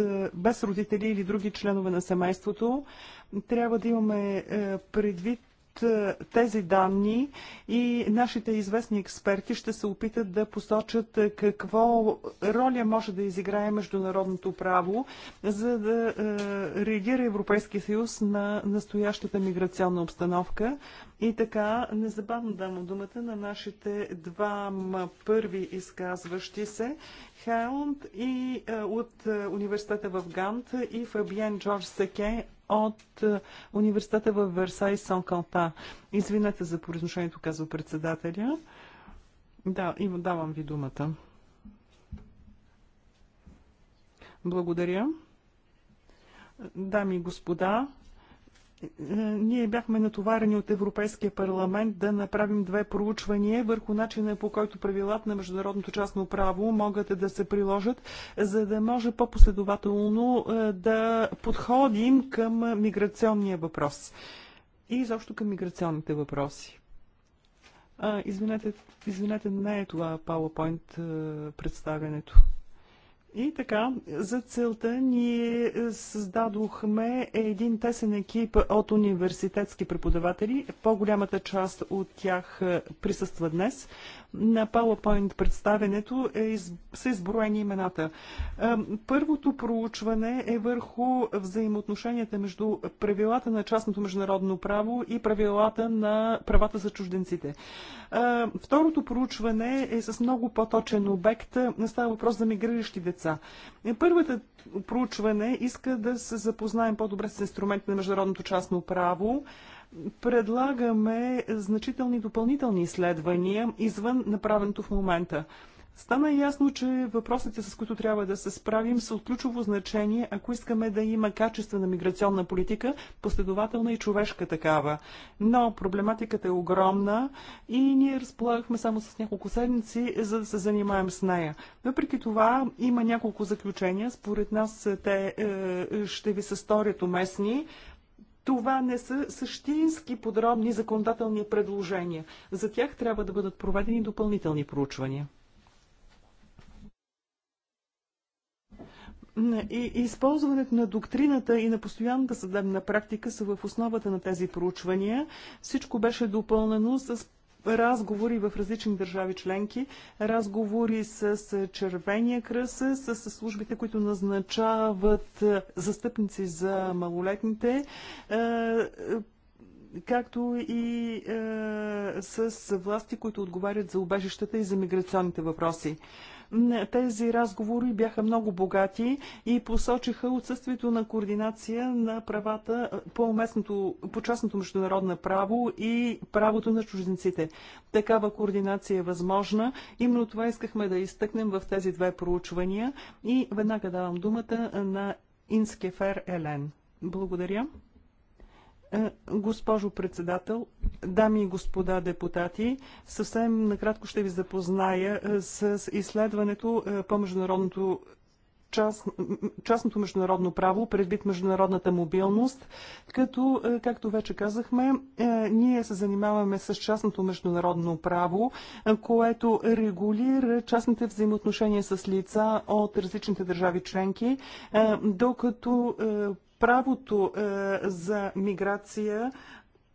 Е, без родители или други членове на семейството. Трябва да имаме е, предвид е, тези данни и нашите известни експерти ще се опитат да посочат е, какво роля може да изиграе международното право, за да е, реагира Европейския съюз на настоящата миграционна обстановка. И така, незабавно дам думата на нашите двама първи изказващи се, Хелнт и от университета в Гант и Фабиен Джордж Секе от е, университета в Версай сан Калта. Извинете за произношението, казва председателя. Да, и давам ви думата. Благодаря. Дами и господа, ние бяхме натоварени от Европейския парламент да направим две проучвания върху начина по който правилата на международното частно право могат да се приложат, за да може по-последователно е, да подходим към миграционния въпрос и изобщо към миграционните въпроси. А, извинете, извинете, не е това PowerPoint е, представянето. И така, за целта ние създадохме един тесен екип от университетски преподаватели. По-голямата част от тях е, присъства днес. На PowerPoint представенето е из... са изброени имената. Е, първото проучване е върху взаимоотношенията между правилата на частното международно право и правилата на правата за чужденците. Е, второто проучване е с много по-точен обект. Става въпрос за мигриращи деца деца. Е, първата проучване иска да се запознаем по-добре с инструмент на международното частно право. Предлагаме значителни допълнителни изследвания извън направеното в момента. Стана ясно, че въпросите, с които трябва да се справим, са от ключово значение, ако искаме да има качествена миграционна политика, последователна и човешка такава. Но проблематиката е огромна и ние разполагахме само с няколко седмици, за да се занимаем с нея. Въпреки това, има няколко заключения. Според нас те е, ще ви се сторят уместни. Това не са същински подробни законодателни предложения. За тях трябва да бъдат проведени допълнителни проучвания. И използването на доктрината и на постоянната съдебна практика са в основата на тези проучвания. Всичко беше допълнено с разговори в различни държави членки, разговори с Червения кръс, с службите, които назначават е, застъпници за малолетните, е, както и е, с власти, които отговарят за убежищата и за миграционните въпроси. Тези разговори бяха много богати и посочиха отсъствието на координация на правата по, местното, по частното международно право и правото на чужденците. Такава координация е възможна. Именно това искахме да изтъкнем в тези две проучвания и веднага давам думата на Инскефер Елен. Благодаря. Е, госпожо председател, дами и господа депутати, съвсем накратко ще ви запозная е, с изследването е, по международното частното международно право, предвид международната мобилност, като, както вече казахме, ние се занимаваме с частното международно право, което регулира частните взаимоотношения с лица от различните държави членки, докато правото е, за миграция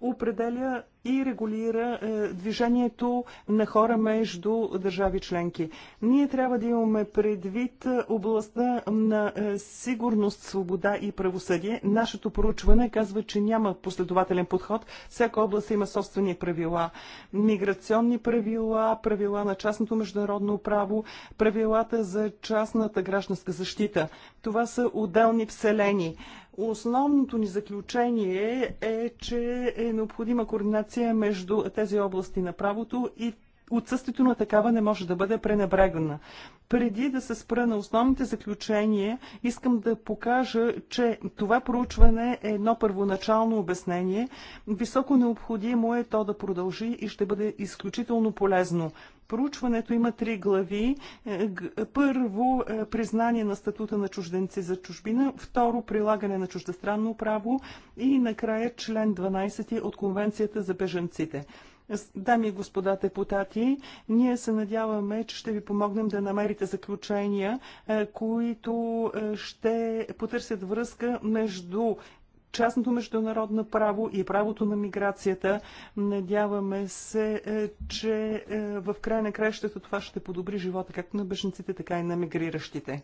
определя и регулира е, движението на хора между държави членки. Ние трябва да имаме предвид е, областта на е, сигурност, свобода и правосъдие. Нашето проучване казва, че няма последователен подход. Всяка област има собствени правила. Миграционни правила, правила на частното международно право, правилата за частната гражданска защита. Това са отделни вселени. Основното ни заключение е, че е необходима координация реакция между тези области на правото и отсъствието на такава не може да бъде пренебрегана. Преди да се спра на основните заключения, искам да покажа, че това проучване е едно първоначално обяснение. Високо необходимо е то да продължи и ще бъде изключително полезно. Проучването има три глави. Е, първо, е, признание на статута на чужденци за чужбина. Второ, прилагане на чуждестранно право. И накрая член 12 от Конвенцията за беженците. Дами и господа депутати, ние се надяваме, че ще ви помогнем да намерите заключения, е, които е, ще потърсят връзка между частното международно право и правото на миграцията. Надяваме се, е, че в край на краищата това ще подобри живота както на бежниците, така и на мигриращите.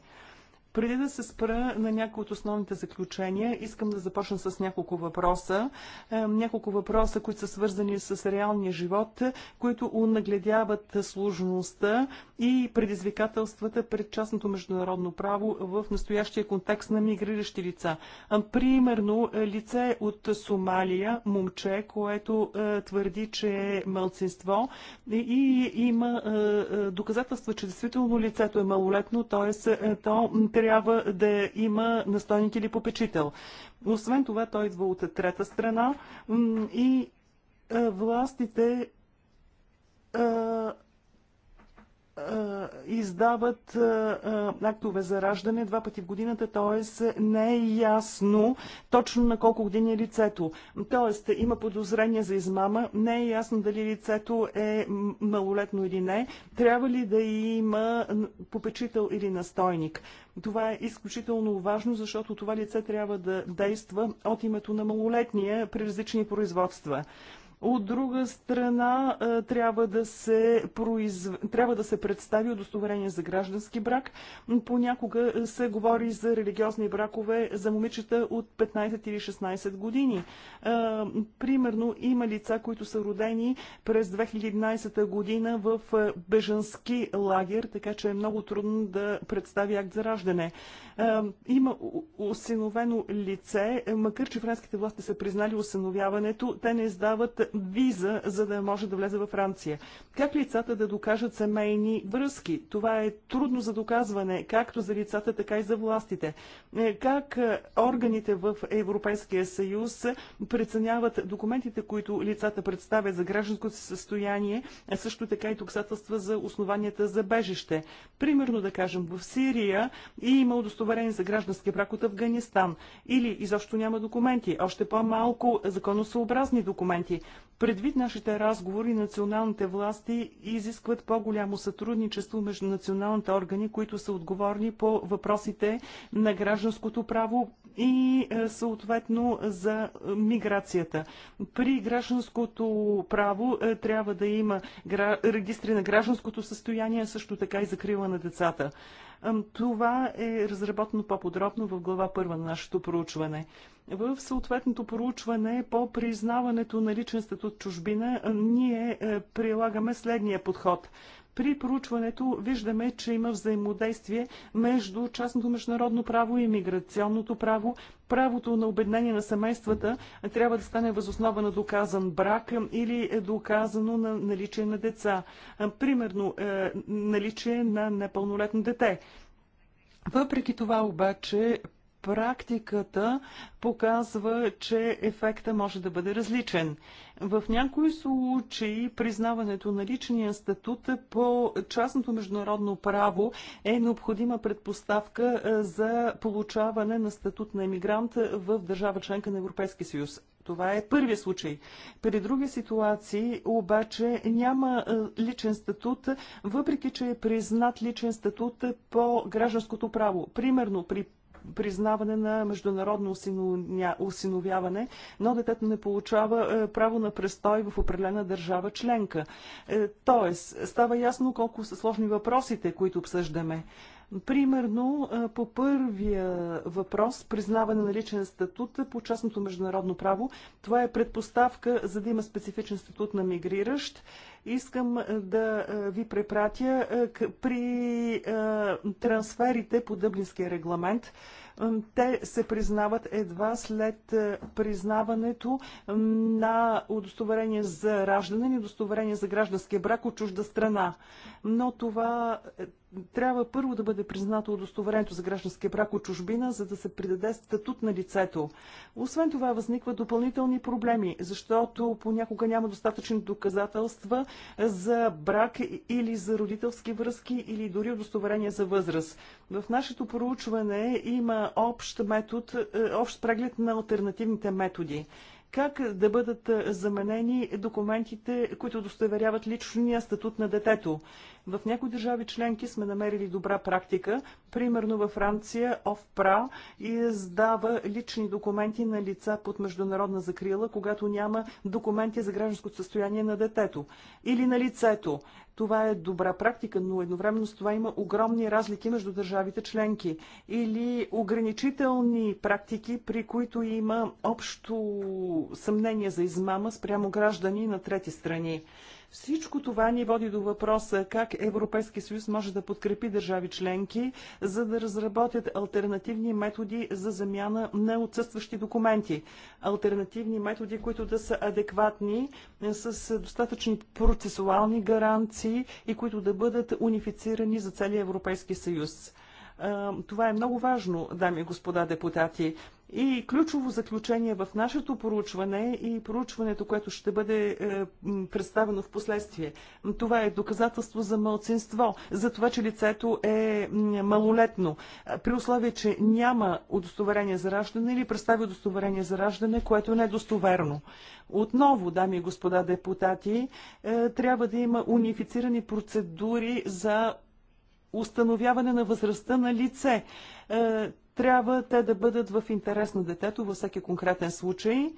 Преди да се спра на някои от основните заключения, искам да започна с няколко въпроса. Е, няколко въпроса, които са свързани с реалния живот, които унагледяват сложността и предизвикателствата пред частното международно право в настоящия контекст на мигриращи лица. Е, примерно, е, лице от Сомалия, момче, което твърди, че е мълцинство и има доказателства, че действително лицето е малолетно, т.е. то трябва трябва да има настойник или попечител. Освен това, той идва от трета страна и властите издават актове за раждане два пъти в годината, т.е. не е ясно точно на колко години е лицето. Т.е. има подозрение за измама, не е ясно дали лицето е малолетно или не, трябва ли да има попечител или настойник. Това е изключително важно, защото това лице трябва да действа от името на малолетния при различни производства. От друга страна, е, трябва да се, произв... трябва да се представи удостоверение за граждански брак. Понякога е, се говори за религиозни бракове за момичета от 15 или 16 години. Е, примерно, има лица, които са родени през 2011 година в бежански лагер, така че е много трудно да представи акт за раждане. Има осиновено лице, макар че френските власти са признали осиновяването, те не издават виза, за да може да влезе във Франция. Как лицата да докажат семейни връзки? Това е трудно за доказване, както за лицата, така и за властите. Е, как е, органите в Европейския съюз преценяват документите, които лицата представят за гражданското състояние, а също така и доказателства за основанията за бежище. Примерно, да кажем, в Сирия и има удостоверение за граждански брак от Афганистан. Или изобщо няма документи, още по-малко законосъобразни документи. Предвид нашите разговори, националните власти изискват по-голямо сътрудничество между националните органи, които са отговорни по въпросите на гражданското право и е, съответно за миграцията. При гражданското право е, трябва да има регистри на гражданското състояние, също така и закрила на децата. Това е разработено по-подробно в глава първа на нашето проучване. В съответното проучване по признаването на личен статут чужбина ние е, прилагаме следния подход. При проучването виждаме, че има взаимодействие между частното международно право и миграционното право. Правото на обеднение на семействата трябва да стане възоснова на доказан брак или е доказано на наличие на деца. Примерно, е, наличие на непълнолетно дете. Въпреки това обаче практиката показва, че ефекта може да бъде различен. В някои случаи признаването на личния статут по частното международно право е необходима предпоставка е, за получаване на статут на емигрант в държава членка на Европейския съюз. Това е първият случай. При други ситуации обаче няма е, личен статут, въпреки че е признат личен статут по гражданското право. Примерно при признаване на международно осиновяване, но детето не получава е, право на престой в определена държава членка. Е, тоест, става ясно колко са сложни въпросите, които обсъждаме. Примерно, по първия въпрос, признаване на личен статут по частното международно право, това е предпоставка за да има специфичен статут на мигриращ. Искам да ви препратя при трансферите по Дъблинския регламент. Те се признават едва след признаването на удостоверение за раждане и удостоверение за гражданския брак от чужда страна. Но това трябва първо да бъде признато удостоверението за гражданския брак от чужбина, за да се придаде статут на лицето. Освен това възникват допълнителни проблеми, защото понякога няма достатъчни доказателства за брак или за родителски връзки или дори удостоверение за възраст. В нашето проучване има общ, метод, е, общ преглед на альтернативните методи как да бъдат заменени документите, които удостоверяват личния статут на детето. В някои държави членки сме намерили добра практика. Примерно във Франция ОФПРА издава лични документи на лица под международна закрила, когато няма документи за гражданското състояние на детето или на лицето. Това е добра практика, но едновременно с това има огромни разлики между държавите членки или ограничителни практики, при които има общо съмнение за измама спрямо граждани на трети страни. Всичко това ни води до въпроса как Европейския съюз може да подкрепи държави членки, за да разработят альтернативни методи за замяна на отсъстващи документи. Альтернативни методи, които да са адекватни, е, с е, достатъчни процесуални гаранции и които да бъдат унифицирани за целия Европейски съюз. Е, това е много важно, дами и господа депутати. И ключово заключение в нашето проучване и проучването, което ще бъде е, представено в последствие. Това е доказателство за мълцинство, за това, че лицето е малолетно. При условие, че няма удостоверение за раждане или представи удостоверение за раждане, което не е достоверно. Отново, дами и господа депутати, е, трябва да има унифицирани процедури за установяване на възрастта на лице. Е, трябва те да бъдат в интерес на детето във всеки конкретен случай.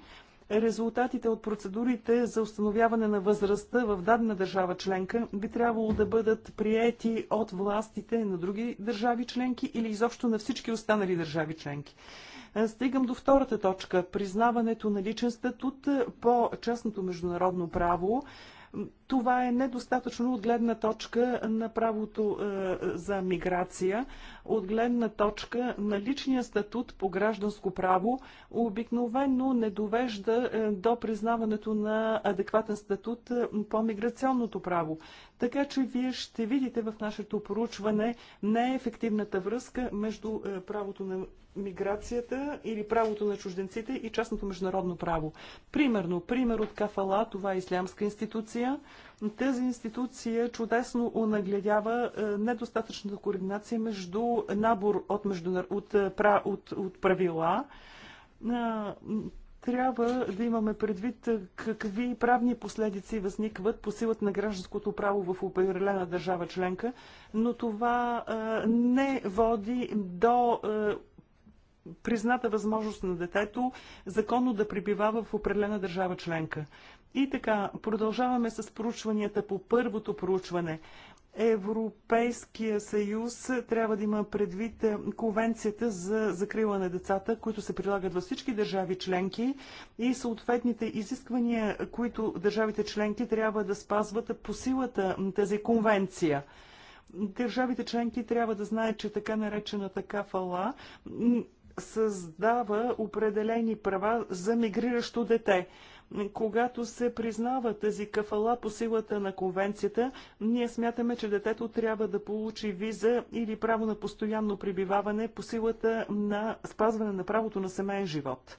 Резултатите от процедурите за установяване на възрастта в дадена държава членка би трябвало да бъдат приети от властите на други държави членки или изобщо на всички останали държави членки. Е, стигам до втората точка – признаването на личен статут по частното международно право. Това е недостатъчно от гледна точка на правото е, за миграция, от гледна точка на личния статут по гражданско право, обикновено не довежда е, до признаването на адекватен статут е, по миграционното право. Така че вие ще видите в нашето проучване неефективната връзка между правото на миграцията или правото на чужденците и частното международно право. Примерно, пример от Кафала, това е ислямска институция, тази институция чудесно онагледява е, недостатъчната координация между набор от, междунар... от, е, от, от правила, е, трябва да имаме предвид какви правни последици възникват по силата на гражданското право в определена държава членка, но това не води до призната възможност на детето законно да пребивава в определена държава членка. И така, продължаваме с проучванията по първото проучване. Европейския съюз трябва да има предвид е, конвенцията за закрила на децата, които се прилагат във всички държави членки и съответните изисквания, които държавите членки трябва да спазват по силата на тази конвенция. Държавите членки трябва да знаят, че така наречената кафала създава определени права за мигриращо дете. Когато се признава тази кафала по силата на конвенцията, ние смятаме, че детето трябва да получи виза или право на постоянно прибиваване по силата на спазване на правото на семейен живот.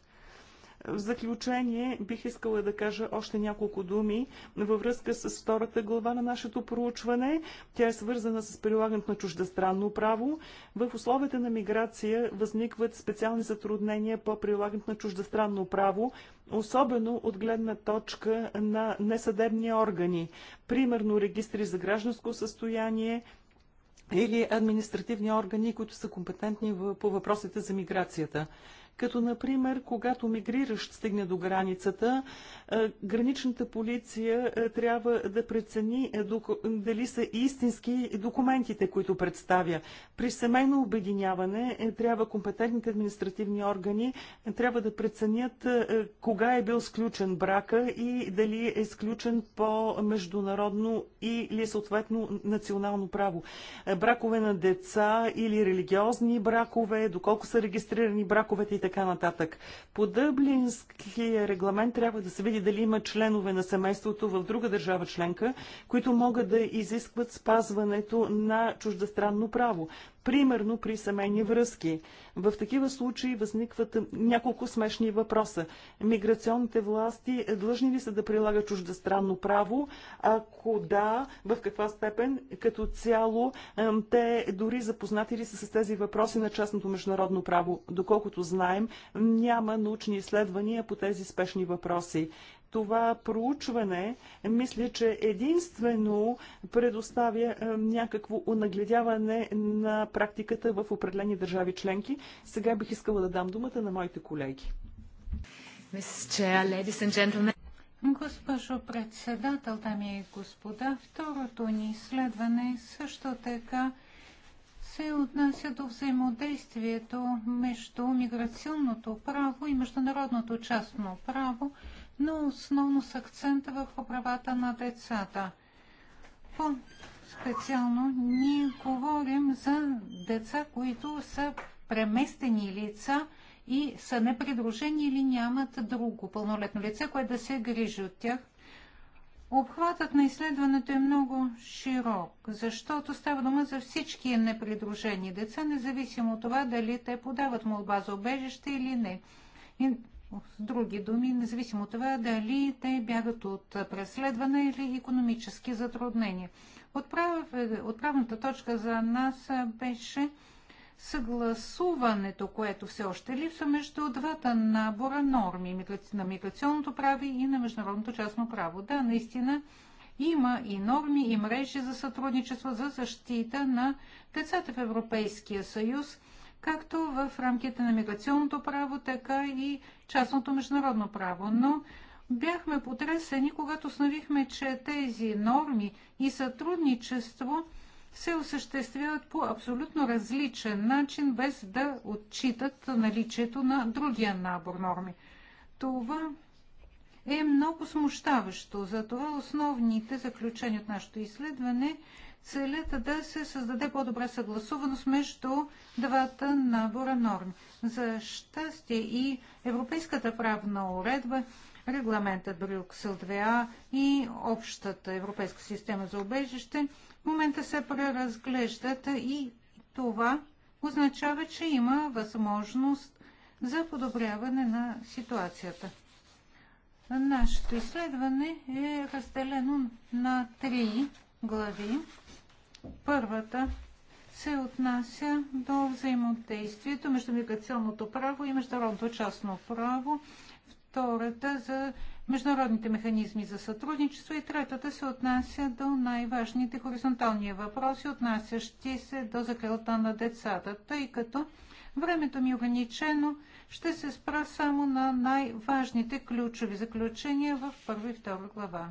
В заключение бих искала да кажа още няколко думи във връзка с втората глава на нашето проучване. Тя е свързана с прилагането на чуждестранно право. В условията на миграция възникват специални затруднения по прилагането на чуждестранно право, особено от гледна точка на несъдебни органи, примерно регистри за гражданско състояние, или административни органи, които са компетентни по въпросите за миграцията като например, когато мигриращ стигне до границата, е, граничната полиция е, трябва да прецени е, дали са истински документите, които представя. При семейно обединяване трябва компетентните административни органи трябва да преценят кога е бил сключен брака и дали е сключен по международно или съответно национално право. Бракове на деца или религиозни бракове, доколко са регистрирани браковете и така така нататък. По дъблинския регламент трябва да се види дали има членове на семейството в друга държава членка, които могат да изискват спазването на чуждестранно право примерно при семейни връзки. В такива случаи възникват няколко смешни въпроса. Миграционните власти е, длъжни ли са да прилагат чуждестранно право? Ако да, в каква степен? Като цяло, те дори запознати ли са с тези въпроси на частното международно право? Доколкото знаем, няма научни изследвания по тези спешни въпроси това проучване, мисля, че единствено предоставя е, някакво нагледяване на практиката в определени държави членки. Сега бих искала да дам думата на моите колеги. Госпожо председател, дами и господа, второто ни изследване също така се отнася до взаимодействието между миграционното право и международното частно право – но основно с акцента върху правата на децата. По-специално ние говорим за деца, които са преместени лица и са непридружени или нямат друго пълнолетно лице, което да се грижи от тях. Обхватът на изследването е много широк, защото става дума за всички непридружени деца, независимо от това дали те подават молба за обежище или не. С други думи, независимо от това дали те бягат от преследване или економически затруднения. Е, отправната точка за нас беше съгласуването, което все още липсва между двата набора норми на миграционното право и на международното частно право. Да, наистина има и норми и мрежи за сътрудничество за защита на децата в Европейския съюз – както в рамките на миграционното право, така и частното международно право. Но бяхме потресени, когато установихме, че тези норми и сътрудничество се осъществяват по абсолютно различен начин, без да отчитат наличието на другия набор норми. Това е много смущаващо. Затова основните заключения от нашето изследване е, целят да се създаде по-добра съгласуваност между двата набора норми За щастие и европейската правна уредба, регламентът Брюксел 2А и общата европейска система за убежище в момента се преразглеждат и това означава, че има възможност за подобряване на ситуацията. Нашето изследване е разделено на три глави. Първата се отнася до взаимодействието между миграционното право и международното частно право. Втората за международните механизми за сътрудничество и третата се отнася до най-важните хоризонтални въпроси, отнасящи се до закрилата на децата, тъй като времето ми е ограничено, ще се спра само на най-важните ключови заключения в първа и втора глава.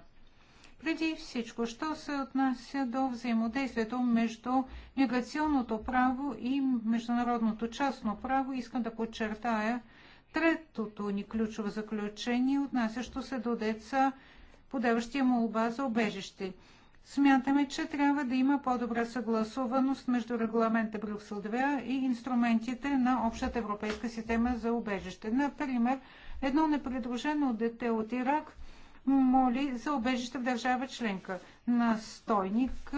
Преди всичко, що се отнася до взаимодействието между миграционното право и международното частно право, искам да подчертая третото ни ключово заключение, отнасящо се до деца, му молба за обежище. Смятаме, че трябва да има по-добра съгласуваност между регламента Брюксел 2 и инструментите на общата европейска система за убежище. Например, едно непредружено дете от Ирак моли за обежище в държава членка. Настойник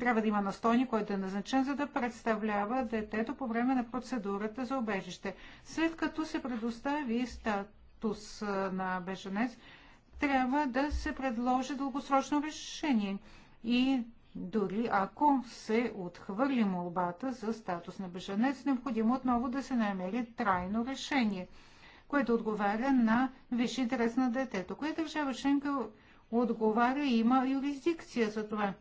трябва да има настойник, който е назначен, за да представлява детето по време на процедурата за обежище. След като се предостави статус на беженец, трябва да се предложи дългосрочно решение. И дори ако се отхвърли молбата за статус на беженец, необходимо отново да се намери трайно решение – което отговаря на висши интерес на детето. Коя държава членка отговаря и има юрисдикция за това?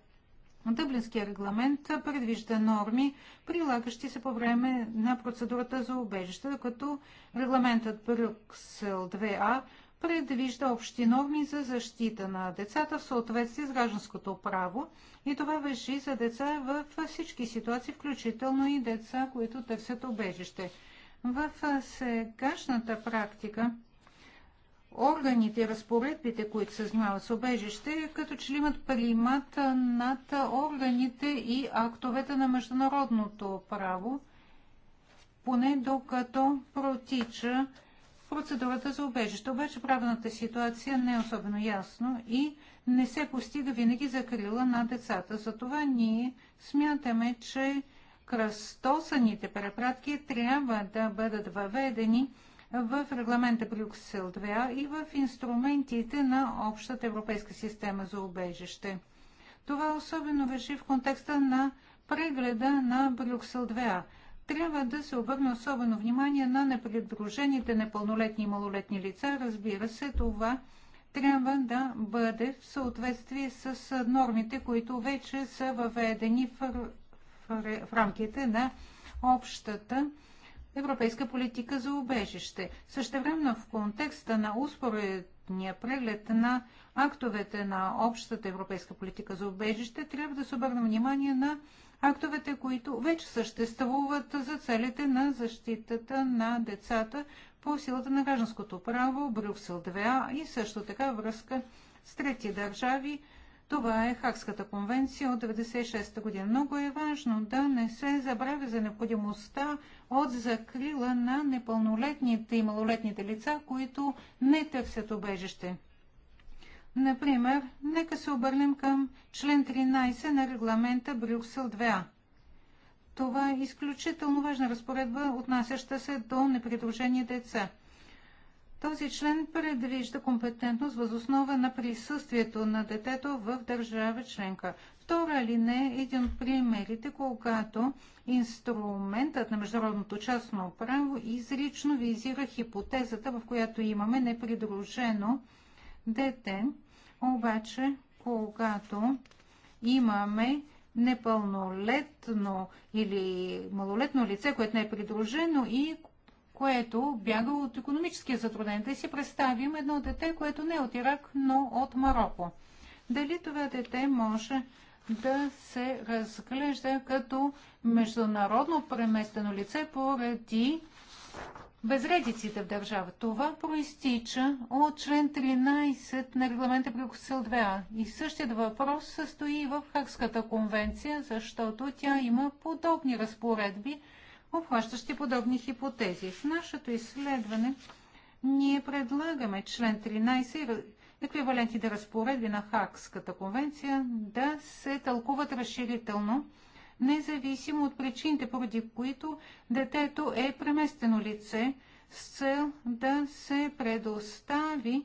Дъблинския регламент предвижда норми, прилагащи се по време на процедурата за убежище, като регламентът Брюксел 2А предвижда общи норми за защита на децата в съответствие с гражданското право и това въжи за деца във всички ситуации, включително и деца, които търсят убежище. В сегашната практика органите и разпоредбите, които се занимават с обежище, като че ли имат примат над органите и актовете на международното право, поне докато протича процедурата за обежище. Обаче правната ситуация не е особено ясно и не се постига винаги закрила на децата. Затова ние смятаме, че кръстосаните препратки трябва да бъдат въведени в регламента Брюксел 2 и в инструментите на общата европейска система за убежище. Това особено вежи в контекста на прегледа на Брюксел 2. Трябва да се обърне особено внимание на непридружените непълнолетни и малолетни лица. Разбира се, това трябва да бъде в съответствие с нормите, които вече са въведени в в рамките на общата европейска политика за убежище. Същевременно в контекста на успоредния преглед на актовете на общата европейска политика за убежище трябва да се обърне внимание на актовете, които вече съществуват за целите на защитата на децата по силата на гражданското право Брюксел 2А и също така връзка с трети държави, това е Хакската конвенция от 1996 година. Много е важно да не се забравя за необходимостта от закрила на непълнолетните и малолетните лица, които не търсят убежище. Например, нека се обърнем към член 13 на регламента Брюксел 2а. Това е изключително важна разпоредба, отнасяща се до непридружени деца. Този член предвижда компетентност възоснова на присъствието на детето в държава членка. Втора алинея е един от примерите, когато инструментът на международното частно право изрично визира хипотезата, в която имаме непридружено дете. Обаче, когато имаме непълнолетно или малолетно лице, което не е придружено и което бяга от економическия затруднен. Да си представим едно дете, което не е от Ирак, но от Марокко. Дали това дете може да се разглежда като международно преместено лице поради безредиците в държава. Това проистича от член 13 на регламента при Косил 2А. И същият въпрос състои в Хакската конвенция, защото тя има подобни разпоредби, обхващащи подобни хипотези. В нашето изследване ние предлагаме член 13 еквивалентните разпоредби на Хакската конвенция да се тълкуват разширително, независимо от причините, поради които детето е преместено лице, с цел да се предостави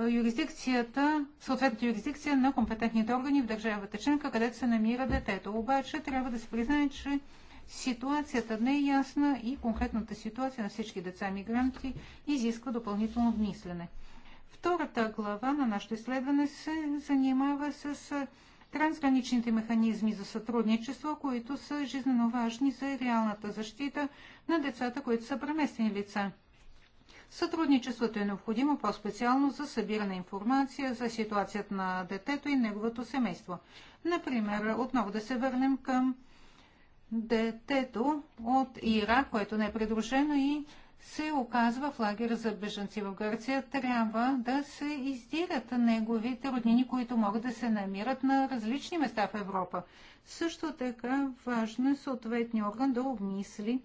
е, юрисдикцията, съответната юрисдикция на компетентните органи в държавата членка, където се намира детето. Обаче трябва да се признае, че ситуацията не е ясна и конкретната ситуация на всички деца мигранти изисква допълнително мислене. Втората глава на нашето изследване се занимава с трансграничните механизми за сътрудничество, които са жизненно важни за реалната защита на децата, които са преместени лица. Сътрудничеството е необходимо по-специално за събиране информация за ситуацията на детето и неговото семейство. Например, отново да се върнем към детето от Ирак, което не е придружено и се оказва в лагер за бежанци в Гърция, трябва да се издират неговите роднини, които могат да се намират на различни места в Европа. Също така важно е съответния орган да обмисли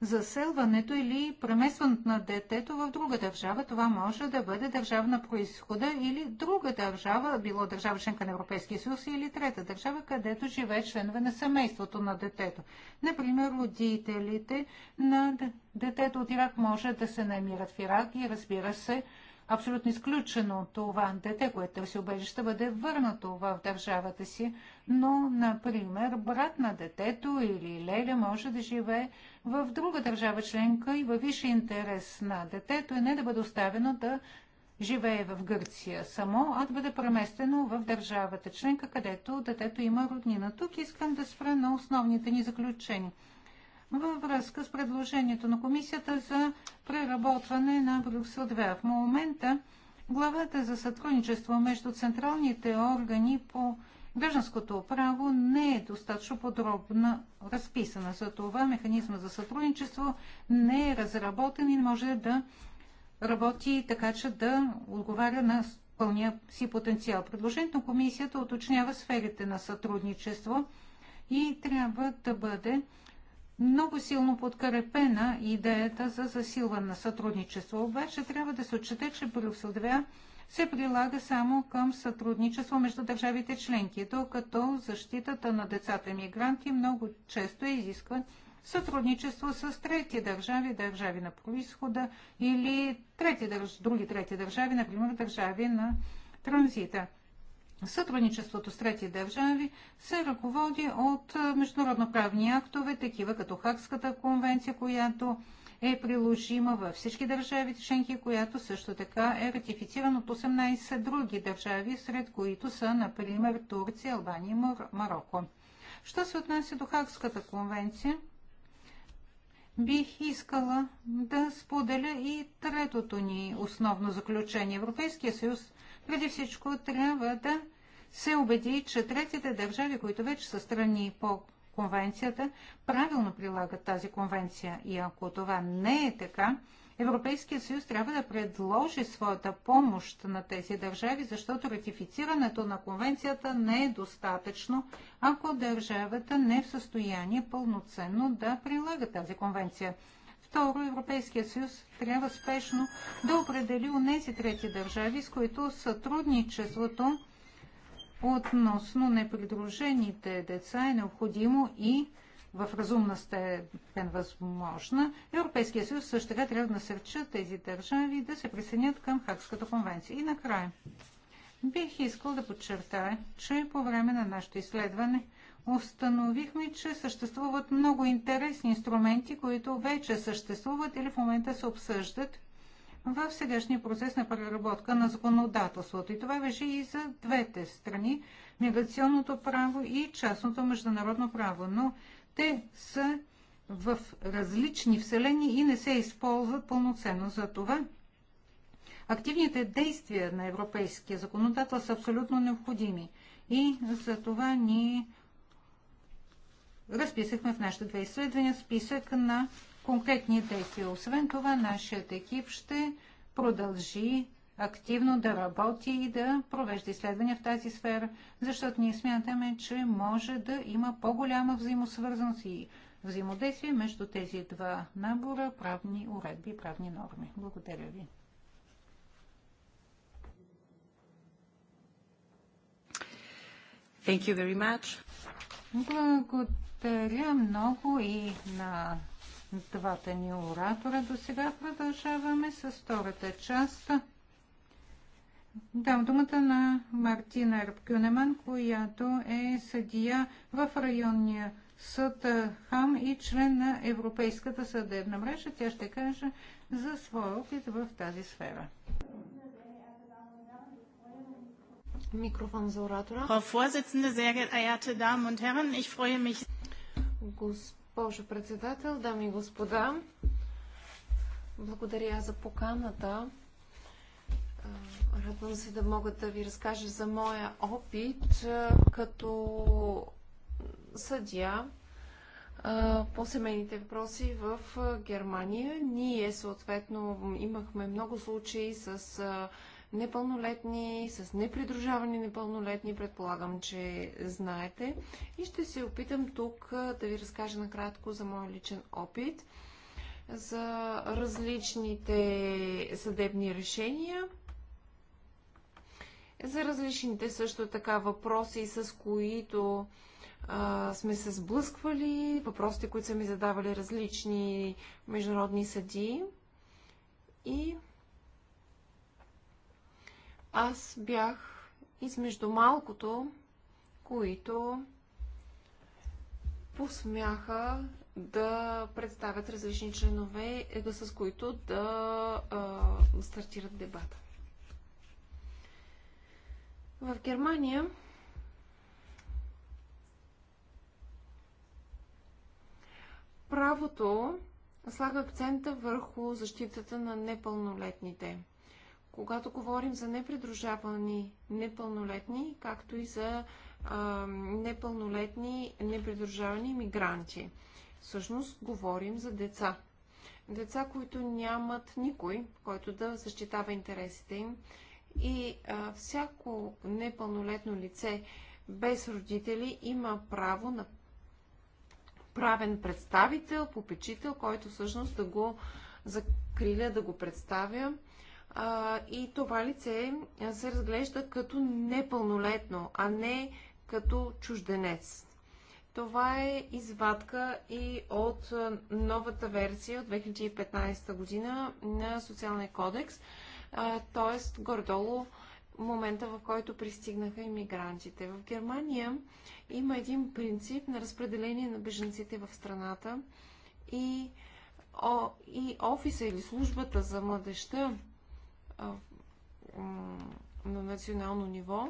заселването или преместването на детето в друга държава. Това може да бъде държавна происхода или друга държава, било държава членка на Европейския съюз или трета държава, където живеят членове на семейството на детето. Например, родителите на детето от Ирак може да се намират в Ирак и разбира се, абсолютно изключено това дете, което търси убежище, ще бъде върнато в държавата си, но, например, брат на детето или леля може да живее в друга държава членка и във висше интерес на детето е не да бъде оставено да живее в Гърция само, а да бъде преместено в държавата членка, където детето има роднина. Тук искам да спра на основните ни заключения във връзка с предложението на комисията за преработване на Брюксел 2. В момента главата за сътрудничество между централните органи по гражданското право не е достатъчно подробно разписана. За това механизма за сътрудничество не е разработен и може да работи така, че да отговаря на пълния си потенциал. Предложението на комисията уточнява сферите на сътрудничество и трябва да бъде много силно подкрепена идеята за засилване на сътрудничество. Обаче трябва да се отчете, че Брюксел 2 се прилага само към сътрудничество между държавите членки, докато защитата на децата мигранти много често е изисква сътрудничество с трети държави, държави на происхода или трети, други трети държави, например държави на транзита сътрудничеството с трети държави се ръководи от международноправни актове, такива като Хакската конвенция, която е приложима във всички държави членки, която също така е ратифицирана от 18 други държави, сред които са, например, Турция, Албания и Марокко. Що се отнася до Хакската конвенция, бих искала да споделя и третото ни основно заключение. Европейския съюз – преди всичко трябва да се убеди, че третите държави, които вече са страни по конвенцията, правилно прилагат тази конвенция. И ако това не е така, Европейския съюз трябва да предложи своята помощ на тези държави, защото ратифицирането на конвенцията не е достатъчно, ако държавата не е в състояние пълноценно да прилага тази конвенция. Второ, Европейския съюз трябва спешно да определи у нези трети държави, с които сътрудничеството относно непридружените деца е необходимо и в разумна степен възможна. Европейския съюз също така трябва да насърчат тези държави да се присъединят към Хакската конвенция. И накрая, бих искал да подчертая, че по време на нашето изследване – установихме, че съществуват много интересни инструменти, които вече съществуват или в момента се обсъждат в сегашния процес на преработка на законодателството. И това беше и за двете страни – миграционното право и частното международно право. Но те са в различни вселени и не се използват пълноценно за това. Активните действия на европейския законодател са абсолютно необходими. И за това ние разписахме в нашите две изследвания списък на конкретни действия. Освен това, нашият екип ще продължи активно да работи и да провежда изследвания в тази сфера, защото ние смятаме, че може да има по-голяма взаимосвързаност и взаимодействие между тези два набора правни уредби и правни норми. Благодаря ви. Thank you very much. Благодаря благодаря много и на двата ни оратора. До сега продължаваме с втората част. Дам думата на Мартина Ръпкюнеман, която е съдия в районния съд Хам и член на Европейската съдебна мрежа. Тя ще каже за своя опит в тази сфера. Микрофон за оратора. Frau Vorsitzende, sehr geehrte Damen und Herren, ich freue mich. Госпожо председател, дами и господа, благодаря за поканата. Радвам се да мога да ви разкажа за моя опит като съдия по семейните въпроси в Германия. Ние съответно имахме много случаи с непълнолетни, с непридружавани непълнолетни, предполагам, че знаете. И ще се опитам тук да ви разкажа накратко за моя личен опит, за различните съдебни решения, за различните също така въпроси, с които а, сме се сблъсквали, въпросите, които са ми задавали различни международни съдии. И аз бях измежду малкото, които посмяха да представят различни членове, е, с които да а, стартират дебата. В Германия правото слага акцента върху защитата на непълнолетните – когато говорим за непридружавани непълнолетни, както и за а, непълнолетни непридружавани мигранти. Всъщност говорим за деца. Деца, които нямат никой, който да защитава интересите им. И а, всяко непълнолетно лице без родители има право на правен представител, попечител, който всъщност да го закриля, да го представя а, и това лице се разглежда като непълнолетно, а не като чужденец. Това е извадка и от новата версия от 2015 година на Социалния кодекс, т.е. гордолу момента, в който пристигнаха иммигрантите. В Германия има един принцип на разпределение на беженците в страната и, о, и офиса или службата за младеща на национално ниво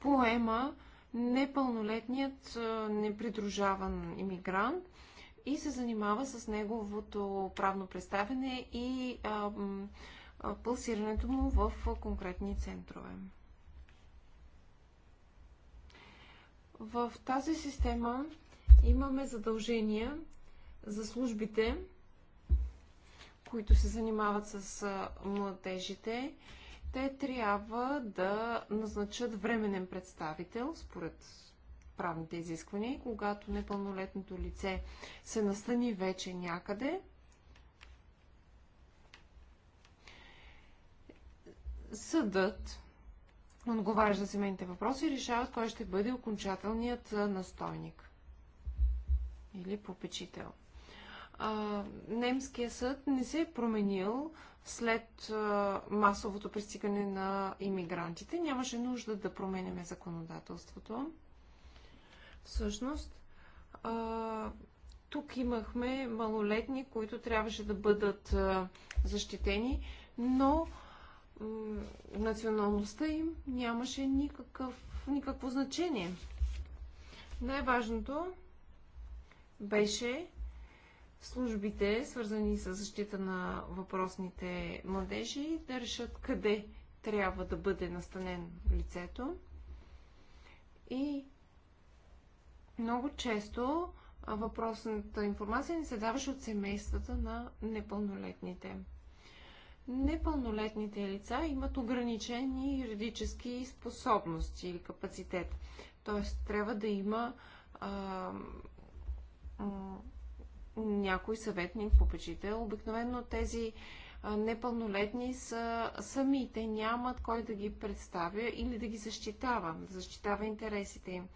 поема непълнолетният непридружаван иммигрант и се занимава с неговото правно представяне и пълсирането му в конкретни центрове. В тази система имаме задължения за службите които се занимават с младежите, те трябва да назначат временен представител, според правните изисквания, когато непълнолетното лице се настани вече някъде, съдът отговаря за семейните въпроси и решават кой ще бъде окончателният настойник или попечител а, немския съд не се е променил след а, масовото пристигане на иммигрантите. Нямаше нужда да променяме законодателството. Всъщност, а, тук имахме малолетни, които трябваше да бъдат защитени, но националността им нямаше никакъв, никакво значение. Най-важното беше службите, свързани с защита на въпросните младежи, да решат къде трябва да бъде настанен лицето. И много често въпросната информация ни се даваше от семействата на непълнолетните. Непълнолетните лица имат ограничени юридически способности или капацитет. Тоест, трябва да има а, някой съветник, попечител. Обикновено тези непълнолетни са сами. Те нямат кой да ги представя или да ги защитава, да защитава интересите им.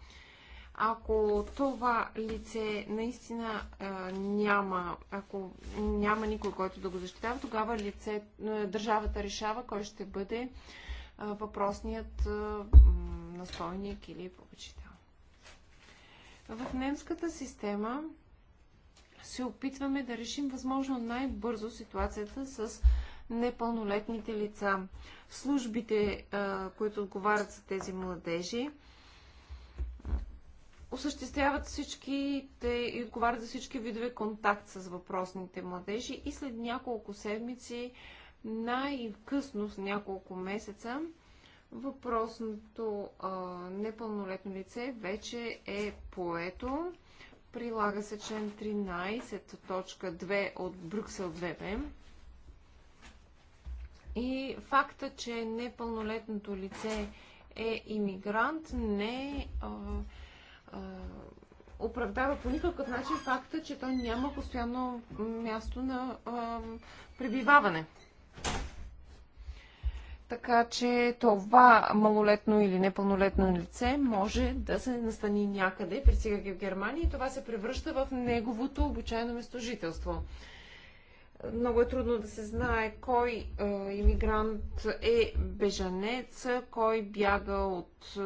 Ако това лице наистина а, няма, ако няма никой, който да го защитава, тогава лице, държавата решава кой ще бъде а, въпросният а, настойник или попечител. В немската система се опитваме да решим възможно най-бързо ситуацията с непълнолетните лица. Службите, които отговарят за тези младежи, осъществяват всички те и отговарят за всички видове контакт с въпросните младежи и след няколко седмици, най-късно с няколко месеца, въпросното непълнолетно лице вече е поето Прилага се член 13, точка 2 от Брюксел 2 ПМ. И факта, че непълнолетното лице е иммигрант, не а, а, оправдава по никакъв начин факта, че той няма постоянно място на а, пребиваване. Така че това малолетно или непълнолетно лице може да се настани някъде, пристигайки в Германия и това се превръща в неговото обичайно местожителство. Много е трудно да се знае кой е, иммигрант е бежанец, кой бяга от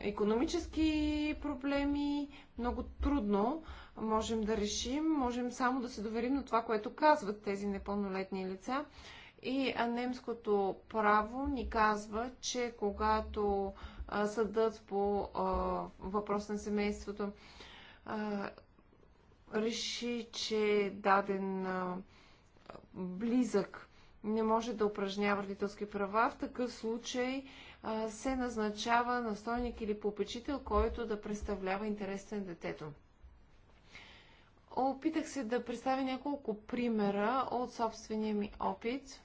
е, економически проблеми. Много трудно можем да решим, можем само да се доверим на това, което казват тези непълнолетни лица. И немското право ни казва, че когато съдът по въпрос на семейството реши, че даден близък не може да упражнява родителски права, в такъв случай се назначава настойник или попечител, който да представлява интересите на детето. Опитах се да представя няколко примера от собствения ми опит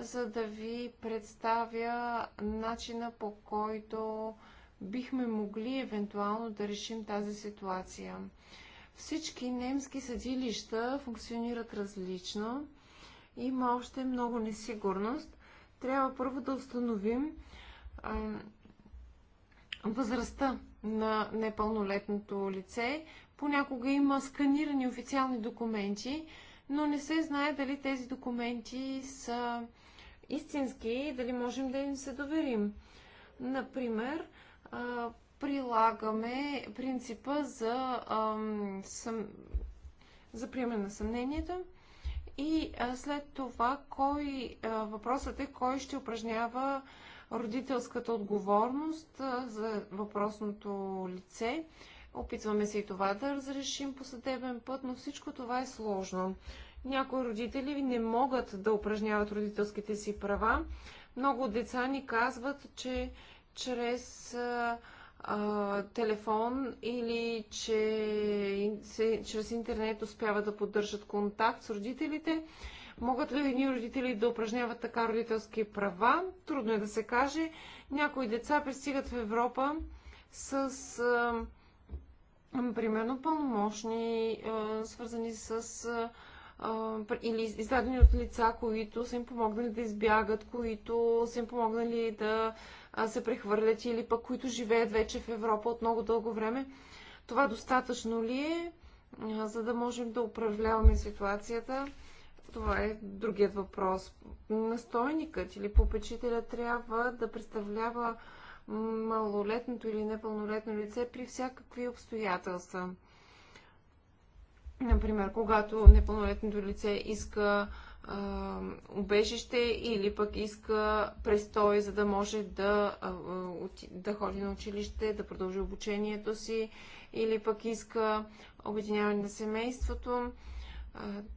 за да ви представя начина по който бихме могли евентуално да решим тази ситуация. Всички немски съдилища функционират различно. Има още много несигурност. Трябва първо да установим а, възрастта на непълнолетното лице. Понякога има сканирани официални документи, но не се знае дали тези документи са истински и дали можем да им се доверим. Например, прилагаме принципа за, съм, за приемане на съмненията и след това кой, въпросът е кой ще упражнява родителската отговорност за въпросното лице. Опитваме се и това да разрешим по съдебен път, но всичко това е сложно. Някои родители не могат да упражняват родителските си права. Много деца ни казват, че чрез а, а, телефон или че, се, чрез интернет успяват да поддържат контакт с родителите. Могат ли едни родители да упражняват така родителски права? Трудно е да се каже. Някои деца пристигат в Европа с, а, примерно, пълномощни, свързани с или издадени от лица, които са им помогнали да избягат, които са им помогнали да се прехвърлят или пък които живеят вече в Европа от много дълго време. Това достатъчно ли е, за да можем да управляваме ситуацията? Това е другият въпрос. Настойникът или попечителя трябва да представлява малолетното или непълнолетно лице при всякакви обстоятелства. Например, когато непълнолетното лице иска убежище или пък иска престой, за да може да, да ходи на училище, да продължи обучението си, или пък иска обединяване на семейството.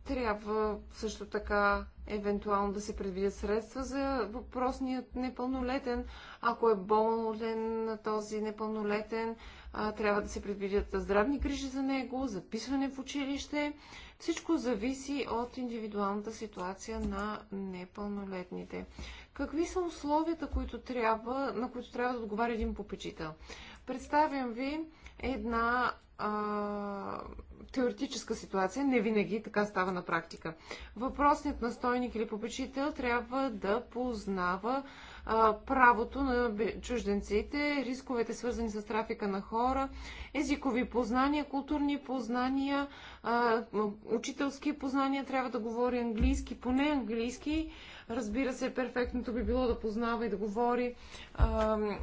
Трябва също така евентуално да се предвидят средства за въпросният непълнолетен, ако е болен този непълнолетен, а, трябва да се предвидят здравни грижи за него, записване в училище. Всичко зависи от индивидуалната ситуация на непълнолетните. Какви са условията, които трябва, на които трябва да отговаря един попечител? Представям ви една а, теоретическа ситуация, не винаги така става на практика. Въпросният настойник или попечител трябва да познава правото на чужденците, рисковете свързани с трафика на хора, езикови познания, културни познания, учителски познания, трябва да говори английски, поне английски. Разбира се, перфектното би било да познава и да говори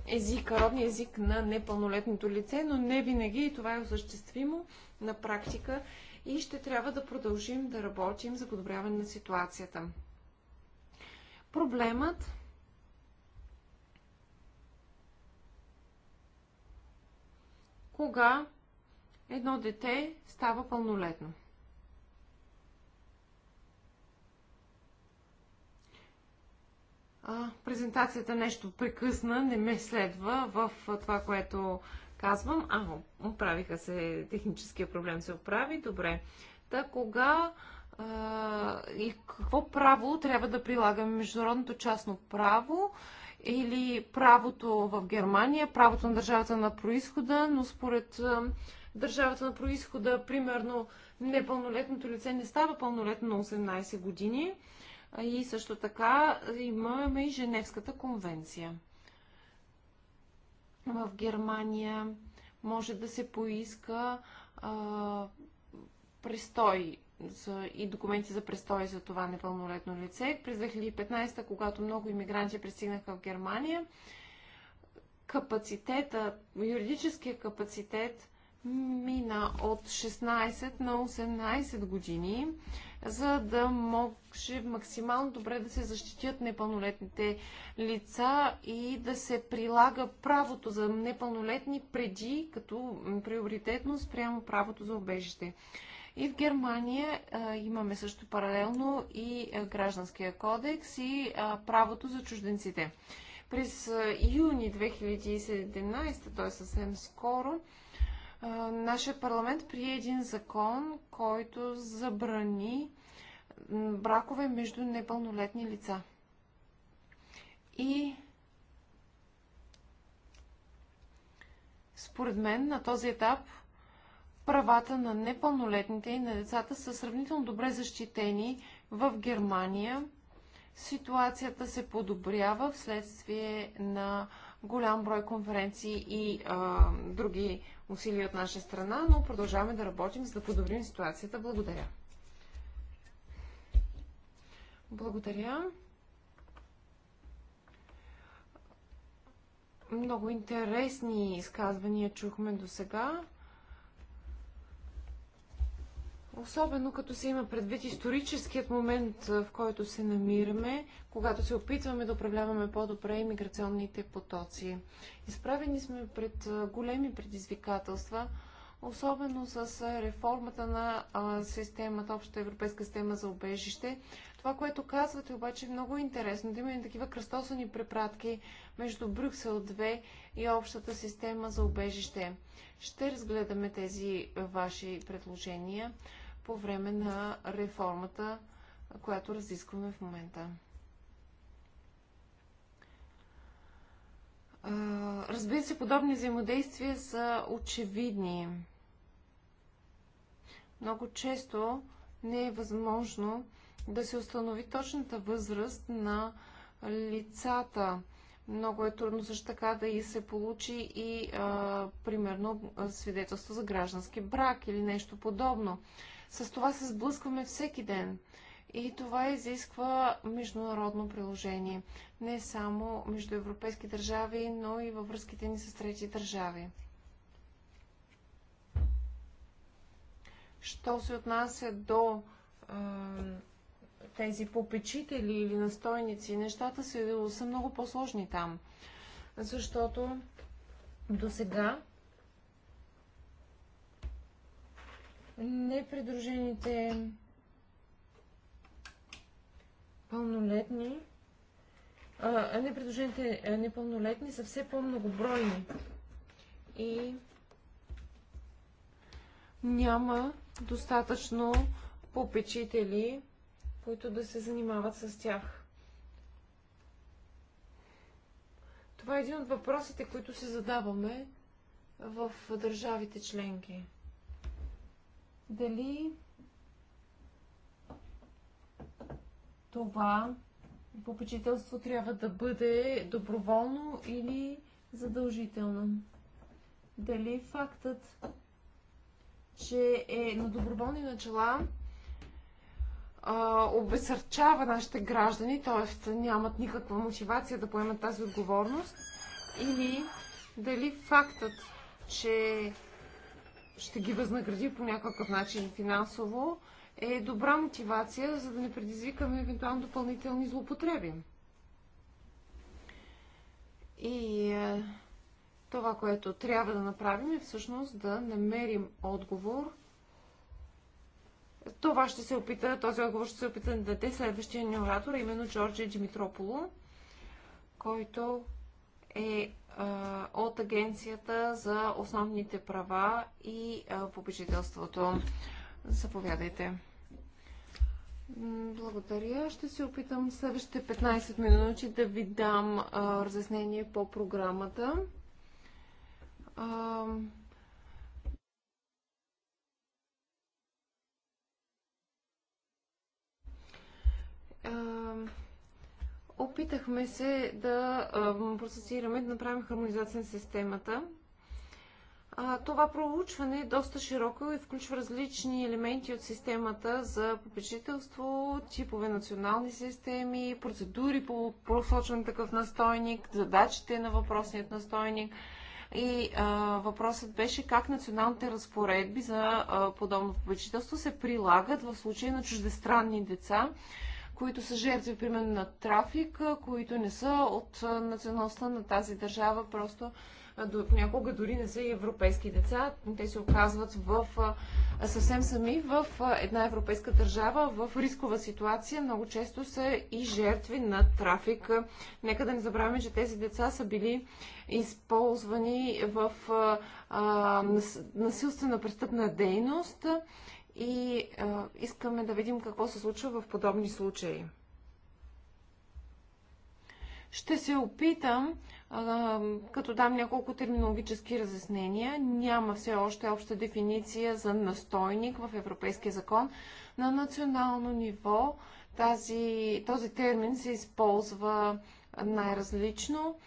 езика, родния език на непълнолетното лице, но не винаги и това е осъществимо на практика и ще трябва да продължим да работим за подобряване на ситуацията. Проблемът кога едно дете става пълнолетно. А, презентацията нещо прекъсна, не ме следва в това, което казвам. А, оправиха се, техническия проблем се оправи, добре. Та кога а, и какво право трябва да прилагаме? Международното частно право или правото в Германия, правото на държавата на происхода, но според държавата на происхода, примерно, непълнолетното лице не става пълнолетно на 18 години. И също така имаме и Женевската конвенция. В Германия може да се поиска а, престой за, и документи за престой за това непълнолетно лице. През 2015, когато много иммигранти пристигнаха в Германия, капацитета, юридическия капацитет мина от 16 на 18 години, за да може максимално добре да се защитят непълнолетните лица и да се прилага правото за непълнолетни преди като приоритетно спрямо правото за обежище. И в Германия а, имаме също паралелно и а, гражданския кодекс и а, правото за чужденците. През юни 2017, т.е. съвсем скоро, нашия парламент прие един закон, който забрани бракове между непълнолетни лица. И според мен на този етап правата на непълнолетните и на децата са сравнително добре защитени в Германия. Ситуацията се подобрява вследствие на голям брой конференции и а, други усилия от наша страна, но продължаваме да работим, за да подобрим ситуацията. Благодаря. Благодаря. Много интересни изказвания чухме до сега. Особено като се има предвид историческият момент, в който се намираме, когато се опитваме да управляваме по-добре иммиграционните потоци. Изправени сме пред големи предизвикателства, особено с реформата на системата, общата европейска система за обежище. Това, което казвате обаче е много интересно. Да имаме такива кръстосани препратки между Брюксел 2 и общата система за обежище. Ще разгледаме тези ваши предложения по време на реформата, която разискваме в момента. Разбира се, подобни взаимодействия са очевидни. Много често не е възможно да се установи точната възраст на лицата. Много е трудно също така да и се получи и, а, примерно, свидетелство за граждански брак или нещо подобно. С това се сблъскваме всеки ден. И това изисква международно приложение. Не само между европейски държави, но и във връзките ни с трети държави. Що се отнася до тези попечители или настойници, нещата са, са много по-сложни там. Защото до сега непридружените пълнолетни а, непридружените непълнолетни са все по-многобройни и няма достатъчно попечители, които да се занимават с тях. Това е един от въпросите, които се задаваме в държавите членки дали това попечителство трябва да бъде доброволно или задължително. Дали фактът, че е на доброволни начала, обесърчава нашите граждани, т.е. нямат никаква мотивация да поемат тази отговорност, или дали фактът, че ще ги възнагради по някакъв начин финансово, е добра мотивация, за да не предизвикаме евентуално допълнителни злоупотреби. И е, това, което трябва да направим е всъщност да намерим отговор. Това ще се опита, този отговор ще се опита да даде следващия ни оратор, именно Джорджия Димитрополо, който е от Агенцията за основните права и попечителството. Заповядайте. Благодаря. Ще се опитам следващите 15 минути да ви дам разяснение по програмата. А, Опитахме се да процесираме, да направим хармонизация на системата. А, това проучване е доста широко и включва различни елементи от системата за попечителство, типове национални системи, процедури по просочен такъв настойник, задачите на въпросният настойник. И а, въпросът беше как националните разпоредби за а, подобно попечителство се прилагат в случай на чуждестранни деца които са жертви, примерно, на трафик, които не са от националността на тази държава, просто понякога дори не са и европейски деца. Те се оказват в, съвсем сами в една европейска държава, в рискова ситуация. Много често са и жертви на трафик. Нека да не забравяме, че тези деца са били използвани в а, насилствена престъпна дейност и а, искаме да видим какво се случва в подобни случаи. Ще се опитам, а, като дам няколко терминологически разяснения. Няма все още обща дефиниция за настойник в Европейския закон. На национално ниво тази, този термин се използва най-различно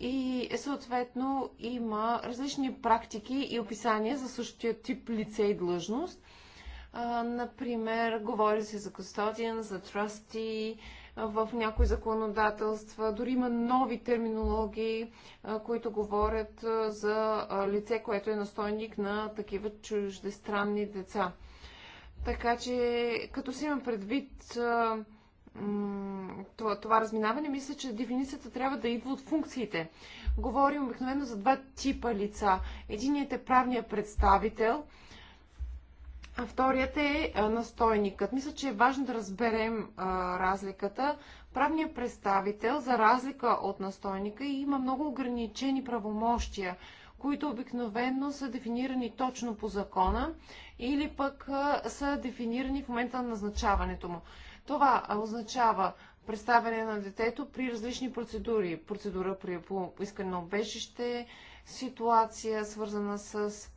и съответно има различни практики и описания за същия тип лице и длъжност. А, например, говори се за custodian, за тръсти, в някои законодателства, дори има нови терминологии, а, които говорят а, за лице, което е настойник на такива чуждестранни деца. Така че, като си има предвид това, това разминаване, мисля, че дефиницията трябва да идва от функциите. Говорим обикновено за два типа лица. Единият е правният представител – а вторият е настойникът. Мисля, че е важно да разберем а, разликата. Правният представител, за разлика от настойника, има много ограничени правомощия, които обикновенно са дефинирани точно по закона или пък а, са дефинирани в момента на назначаването му. Това означава представяне на детето при различни процедури. Процедура при искане на обежище, ситуация свързана с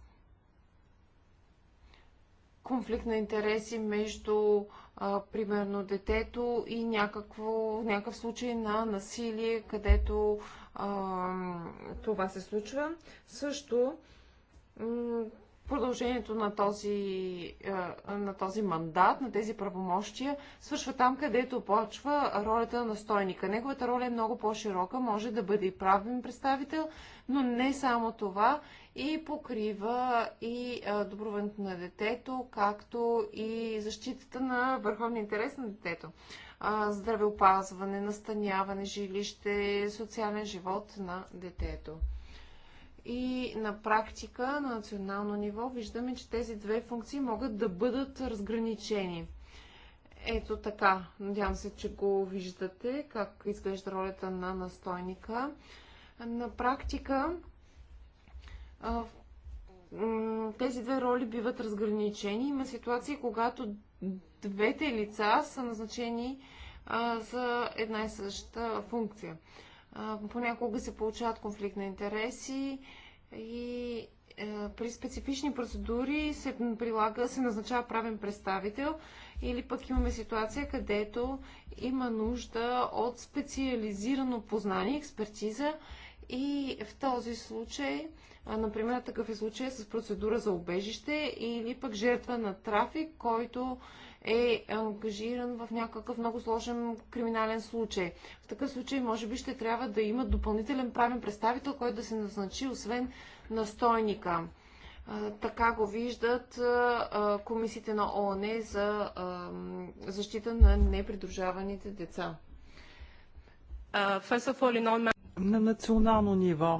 конфликт на интереси между, а, примерно, детето и някакво, някакъв случай на насилие, където а, това се случва. Също продължението на този, е, на този мандат, на тези правомощия, свършва там, където почва ролята на настойника. Неговата роля е много по-широка, може да бъде и правен представител, но не само това и покрива и е, доброването на детето, както и защитата на върховния интерес на детето. Здравеопазване, настаняване, жилище, социален живот на детето. И на практика на национално ниво виждаме, че тези две функции могат да бъдат разграничени. Ето така. Надявам се, че го виждате, как изглежда ролята на настойника. На практика тези две роли биват разграничени. Има ситуации, когато двете лица са назначени за една и съща функция понякога се получават конфликт на интереси и е, при специфични процедури се прилага, се назначава правен представител или пък имаме ситуация, където има нужда от специализирано познание, експертиза и в този случай, например, такъв е случай с процедура за обежище или пък жертва на трафик, който е ангажиран в някакъв много сложен криминален случай. В такъв случай, може би, ще трябва да има допълнителен правен представител, който да се назначи, освен настойника. Така го виждат комисиите на ООН за защита на непридружаваните деца. На национално ниво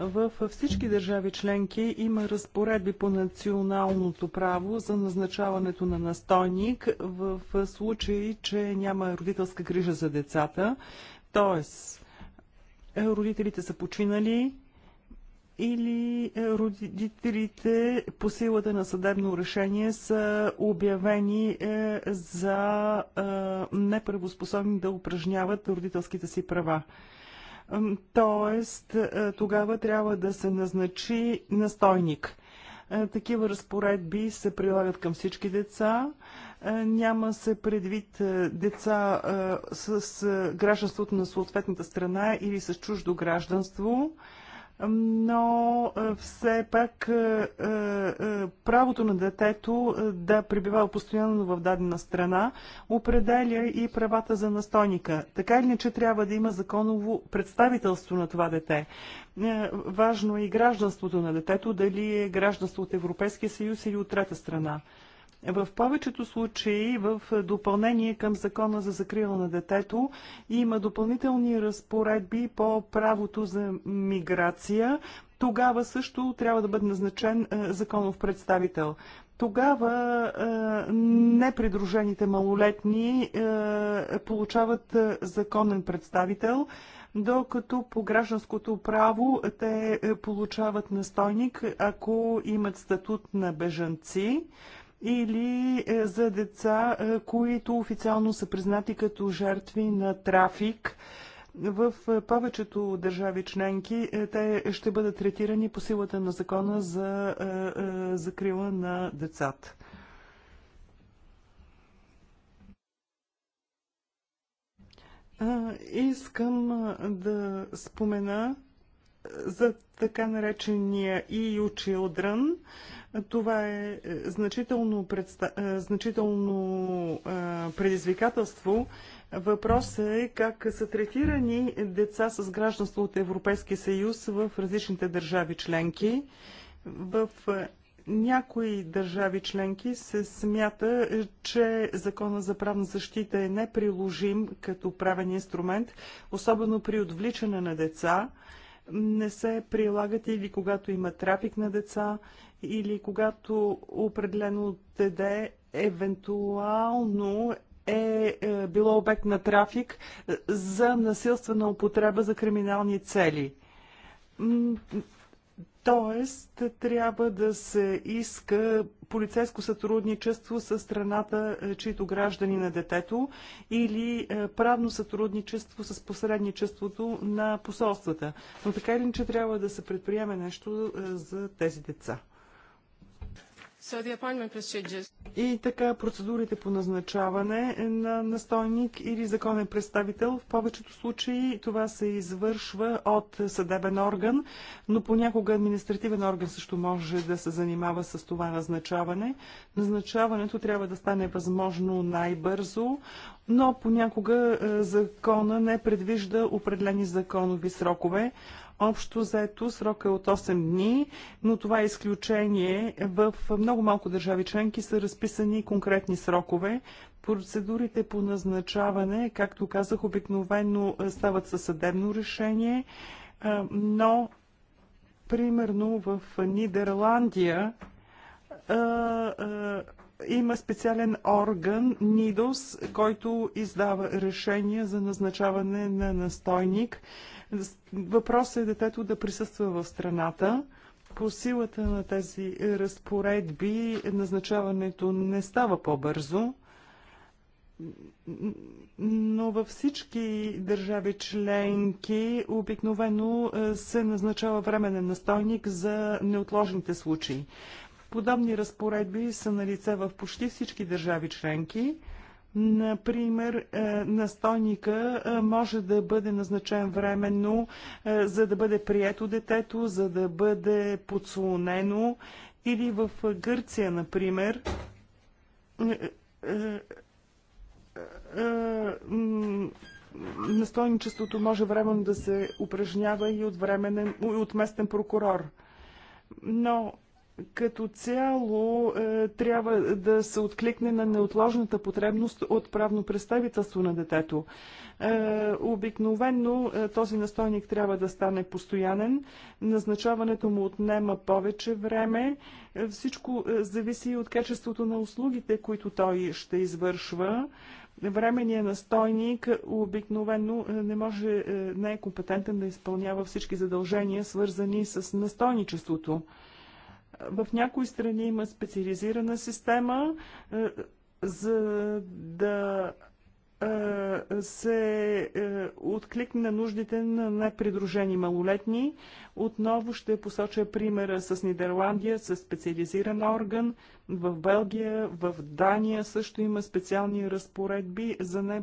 в всички държави членки има разпоредби по националното право за назначаването на настойник в случай, че няма родителска грижа за децата. Тоест, родителите са починали или родителите по силата на съдебно решение са обявени е, за е, неправоспособни да упражняват родителските си права. Тоест, е, тогава трябва да се назначи настойник. Е, такива разпоредби се прилагат към всички деца. Е, няма се предвид деца с гражданството на съответната страна или с чуждо гражданство но все пак правото на детето да пребива постоянно в дадена страна определя и правата за настойника. Така или иначе трябва да има законово представителство на това дете. Е, важно е и гражданството на детето, дали е гражданство от Европейския съюз или от трета страна. В повечето случаи в допълнение към закона за закрила на детето има допълнителни разпоредби по правото за миграция. Тогава също трябва да бъде назначен е, законов представител. Тогава е, непридружените малолетни е, получават е, законен представител, докато по гражданското право те е, получават настойник, ако имат статут на бежанци или е, за деца, е, които официално са признати като жертви на трафик. В е, повечето държави членки те ще бъдат третирани по силата на закона за закрила на децата. Искам да спомена за така наречения EU Children – това е, е значително, предста... Е, значително е, предизвикателство. Въпросът е как са третирани деца с гражданство от Европейския съюз в различните държави членки. В някои държави членки се смята, че закона за правна защита е неприложим като правен инструмент, особено при отвличане на деца не се прилагат или когато има трафик на деца, или когато определено теде евентуално е, е било обект на трафик е, за насилствена употреба за криминални цели Тоест, трябва да се иска полицейско сътрудничество с страната, е, чието граждани на детето, или е, правно сътрудничество с посредничеството на посолствата. Но така или иначе трябва да се предприеме нещо е, за тези деца. И така процедурите по назначаване на настойник или законен представител в повечето случаи това се извършва от съдебен орган, но понякога административен орган също може да се занимава с това назначаване. Назначаването трябва да стане възможно най-бързо, но понякога е, закона не предвижда определени законови срокове. Общо заето срока е от 8 дни, но това е изключение. В много малко държави членки са разписани конкретни срокове. Процедурите по назначаване, както казах, обикновено е, стават със съдебно решение, е, но примерно в Нидерландия е, има специален орган НИДОС, който издава решения за назначаване на настойник. Въпросът е детето да присъства в страната. По силата на тези разпоредби назначаването не става по-бързо, но във всички държави членки обикновено е, се назначава временен настойник за неотложните случаи. Подобни разпоредби са на лице в почти всички държави членки. Например, е, настойника е, може да бъде назначен временно, е, за да бъде прието детето, за да бъде подслонено. Или в Гърция, например, настойничеството може временно да се упражнява и от, временен, и от местен прокурор. Но като цяло е, трябва да се откликне на неотложната потребност от правно представителство на детето. Е, обикновенно е, този настойник трябва да стане постоянен, назначаването му отнема повече време, всичко зависи от качеството на услугите, които той ще извършва. Временният настойник обикновено не може, не е компетентен да изпълнява всички задължения, свързани с настойничеството. В някои страни има специализирана система, е, за да е, се е, откликне на нуждите на непридружени малолетни. Отново ще посоча примера с Нидерландия, с специализиран орган. В Белгия, в Дания също има специални разпоредби за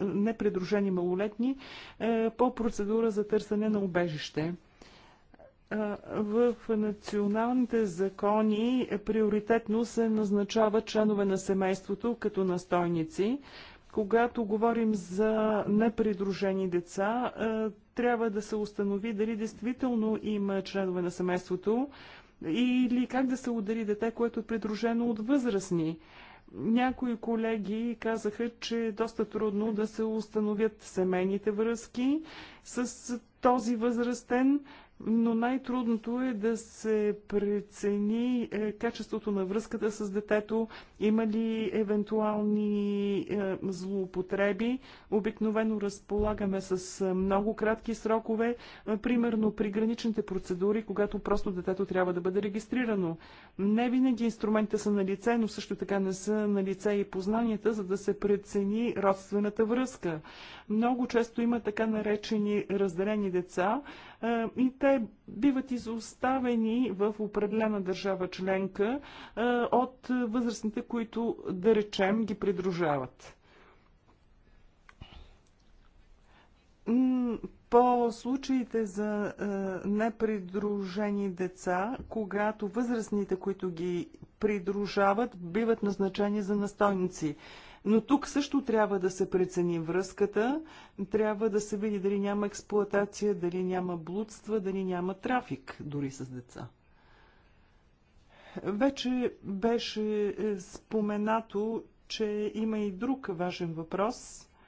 непридружени малолетни по процедура за търсене на убежище в националните закони приоритетно се назначават членове на семейството като настойници. Когато говорим за непридружени деца, трябва да се установи дали действително има членове на семейството или как да се удари дете, което е придружено от възрастни. Някои колеги казаха, че е доста трудно да се установят семейните връзки с този възрастен, но най-трудното е да се прецени е, качеството на връзката с детето, има ли евентуални е, злоупотреби. Обикновено разполагаме с е, много кратки срокове, примерно при граничните процедури, когато просто детето трябва да бъде регистрирано. Не винаги инструментите са на лице, но също така не са на лице и познанията, за да се прецени родствената връзка. Много често има така наречени разделени деца, и те биват изоставени в определена държава членка от възрастните, които, да речем, ги придружават. По случаите за непридружени деца, когато възрастните, които ги придружават, биват назначени за настойници. Но тук също трябва да се прецени връзката, трябва да се види дали няма експлоатация, дали няма блудства, дали няма трафик дори с деца. Вече беше е, споменато, че има и друг важен въпрос –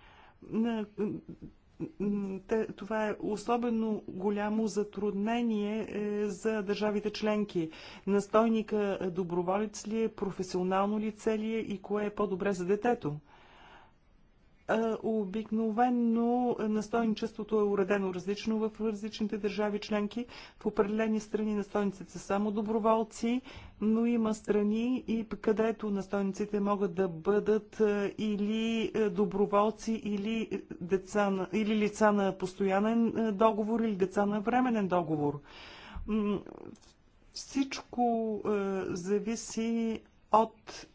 това е особено голямо затруднение е, за държавите членки. Настойника доброволец ли е, професионално лице ли е и кое е по-добре за детето? Е, обикновенно настойничеството е уредено различно в различните държави членки. В определени страни настойниците са само доброволци, но има страни, и където настойниците могат да бъдат е, или е, доброволци, или, деца, или лица на постоянен договор, или деца на временен договор. Всичко зависи от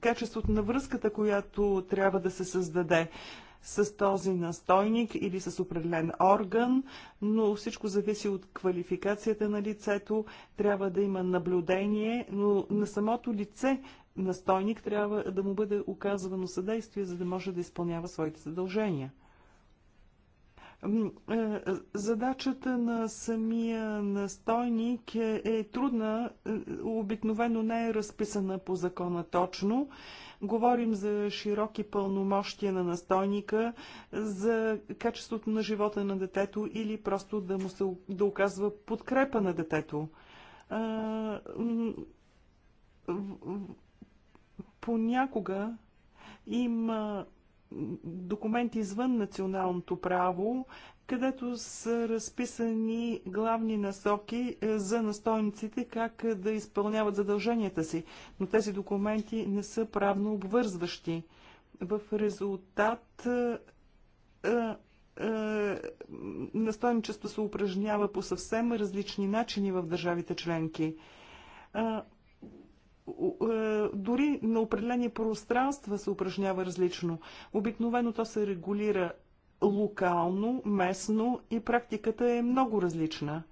качеството на връзката, която трябва да се създаде с този настойник или с определен орган, но всичко зависи от квалификацията на лицето. Трябва да има наблюдение, но на самото лице настойник трябва да му бъде оказвано съдействие, за да може да изпълнява своите задължения. Е, задачата на самия настойник е, е трудна, е, обикновено не е разписана по закона точно. Говорим за широки пълномощия на настойника, за качеството на живота на детето или просто да му се да оказва подкрепа на детето понякога има документи извън националното право, където са разписани главни насоки е, за настойниците как е, да изпълняват задълженията си, но тези документи не са правно обвързващи. В резултат е, настойничество се упражнява по съвсем различни начини в държавите членки. Е, дори на определени пространства се упражнява различно. Обикновено то се регулира локално, местно и практиката е много различна.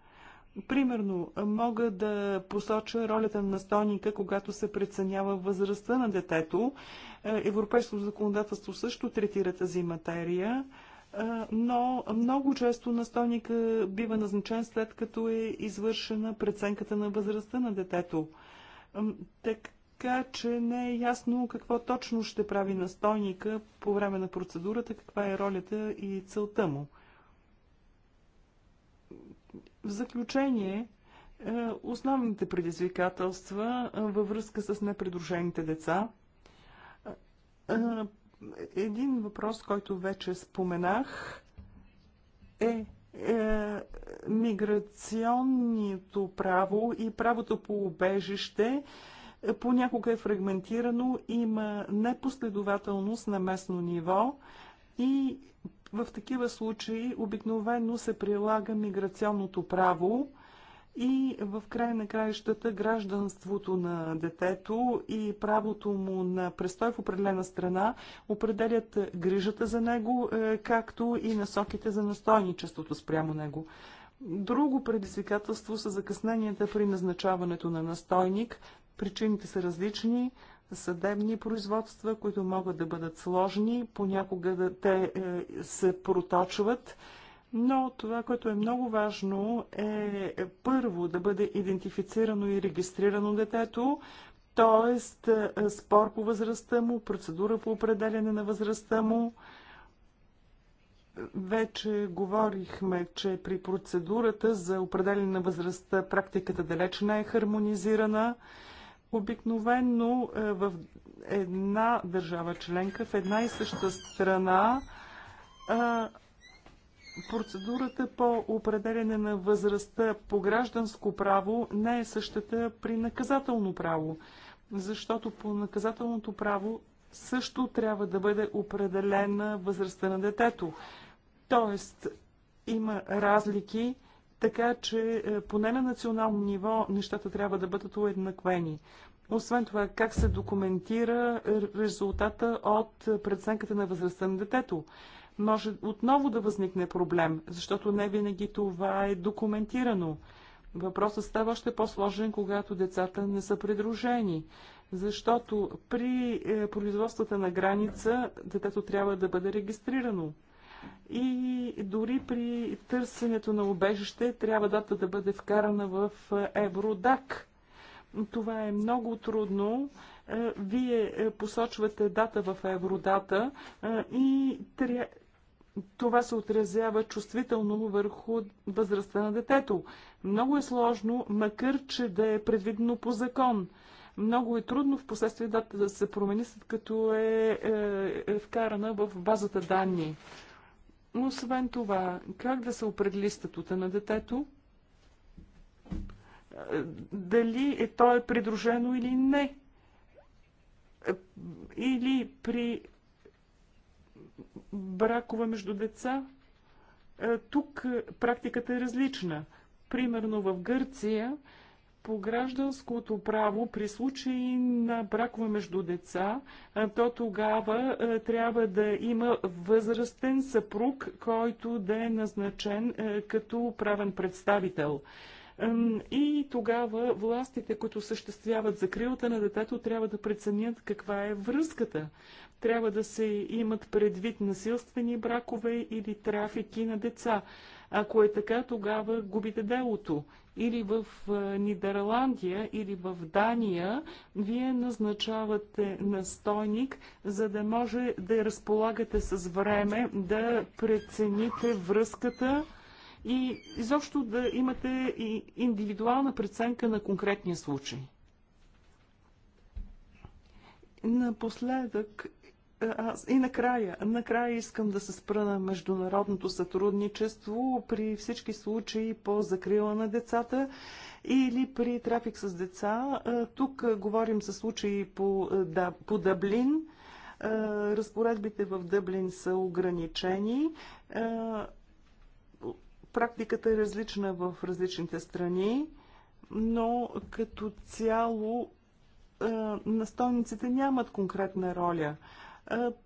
Примерно, мога да посоча ролята на настойника, когато се преценява възрастта на детето. Е, европейското законодателство също третира тази материя, е, но много често настойника бива назначен след като е извършена преценката на възрастта на детето. Така че не е ясно какво точно ще прави настойника по време на процедурата, каква е ролята и целта му. В заключение, е, основните предизвикателства е, във връзка с непридружените деца. Е, един въпрос, който вече споменах, е е, миграционното право и правото по убежище е, понякога е фрагментирано, има непоследователност на местно ниво и в такива случаи обикновено се прилага миграционното право, и в край на краищата гражданството на детето и правото му на престой в определена страна определят грижата за него, е, както и насоките за настойничеството спрямо него. Друго предизвикателство са закъсненията при назначаването на настойник. Причините са различни. Съдебни производства, които могат да бъдат сложни, понякога те е, се проточват но това, което е много важно, е първо да бъде идентифицирано и регистрирано детето, т.е. спор по възрастта му, процедура по определяне на възрастта му. Вече говорихме, че при процедурата за определяне на възрастта практиката далеч не е хармонизирана. Обикновенно е, в една държава членка, в една и съща страна, е, Процедурата по определене на възрастта по гражданско право не е същата при наказателно право, защото по наказателното право също трябва да бъде определена възрастта на детето. Тоест, има разлики, така че е, поне на национално ниво нещата трябва да бъдат уеднаквени. Освен това, как се документира резултата от преценката на възрастта на детето? може отново да възникне проблем, защото не винаги това е документирано. Въпросът става още по-сложен, когато децата не са придружени, защото при е, производствата на граница детето трябва да бъде регистрирано. И дори при търсенето на убежище трябва дата да бъде вкарана в е, Евродак. Това е много трудно. Е, вие посочвате дата в Евродата и това се отразява чувствително върху възрастта на детето. Много е сложно, макар че да е предвидено по закон. Много е трудно в последствие дата да се промени, след като е, е, е вкарана в базата данни. Освен това, как да се определи статута на детето? Дали е, то е придружено или не? Или при бракове между деца. Е, тук практиката е различна. Примерно в Гърция по гражданското право при случаи на бракове между деца, е, то тогава е, трябва да има възрастен съпруг, който да е назначен като правен представител. И тогава властите, които съществяват закрилата на детето, трябва да преценят каква е връзката. Трябва да се имат предвид насилствени бракове или трафики на деца. Ако е така, тогава губите делото. Или в Нидерландия, или в Дания, вие назначавате настойник, за да може да разполагате с време да прецените връзката и изобщо да имате и индивидуална преценка на конкретния случай. Напоследък и накрая, накрая искам да се спра на международното сътрудничество при всички случаи по закрила на децата или при трафик с деца. Тук говорим за случаи по, да, по Даблин. Разпоредбите в Дъблин са ограничени. Практиката е различна в различните страни, но като цяло настойниците нямат конкретна роля.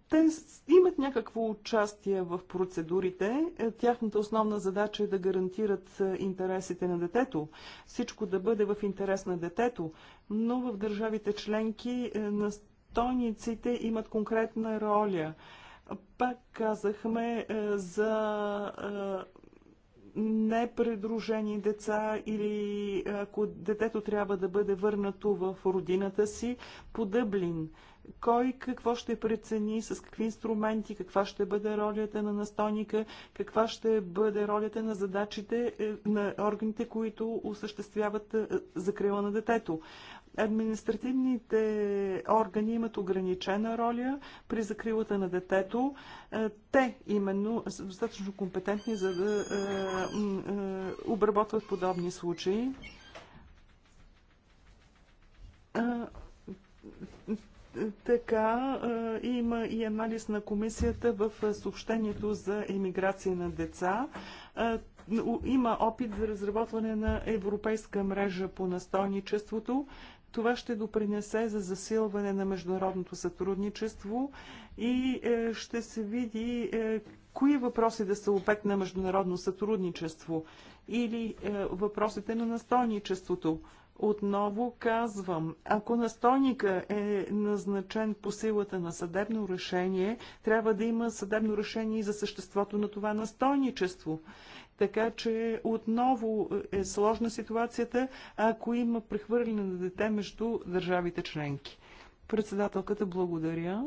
Те имат някакво участие в процедурите. Е, тяхната основна задача е да гарантират е, интересите на детето. Всичко да бъде в интерес на детето. Но в държавите членки е, настойниците имат конкретна роля. Пак казахме за непредружени деца или ако детето трябва да бъде върнато в родината си по Дъблин. Кой какво ще прецени, с какви инструменти, каква ще бъде ролята на настойника, каква ще бъде ролята на задачите е, на органите, които осъществяват е, закрила на детето. Административните органи имат ограничена роля при закрилата на детето. Е, те именно са достатъчно компетентни за да е, е, обработват подобни случаи така има и анализ на комисията в съобщението за емиграция на деца. Има опит за разработване на европейска мрежа по настойничеството. Това ще допринесе за засилване на международното сътрудничество и е, ще се види е, кои въпроси да са обект на международно сътрудничество или е, въпросите на настойничеството. Отново казвам, ако настойника е назначен по силата на съдебно решение, трябва да има съдебно решение и за съществото на това настойничество. Така че отново е сложна ситуацията, ако има прехвърляне на дете между държавите членки. Председателката благодаря.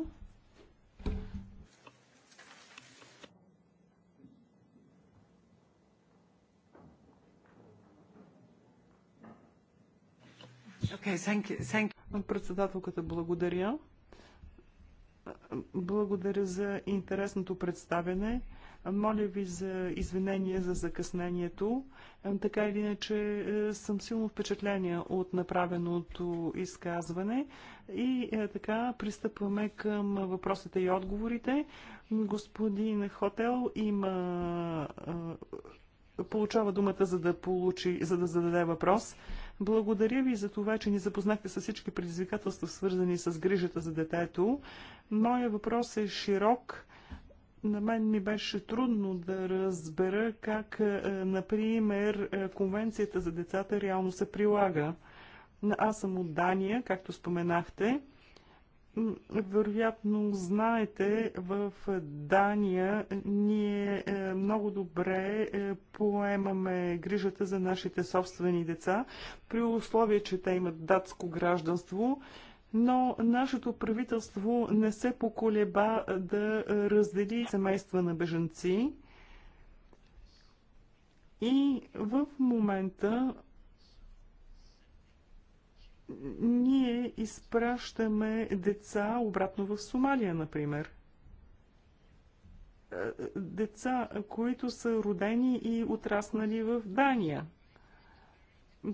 Okay, thank you, thank you. Председателката, благодаря. Благодаря за интересното представене. Моля ви за извинение за закъснението. Така или иначе е, съм силно впечатление от направеното изказване. И е, така пристъпваме към въпросите и отговорите. Господин Хотел има е, получава думата за да получи, за да зададе въпрос. Благодаря ви за това, че ни запознахте с всички предизвикателства, свързани с грижата за детето. Моя въпрос е широк. На мен ми беше трудно да разбера как, е, например, е, Конвенцията за децата реално се прилага. Аз съм от Дания, както споменахте. Вероятно знаете, в Дания ние е, много добре е, поемаме грижата за нашите собствени деца, при условие, че те имат датско гражданство, но нашето правителство не се поколеба е, да раздели семейства на беженци. И в момента ние изпращаме деца обратно в Сомалия, например. Е, деца, които са родени и отраснали в Дания.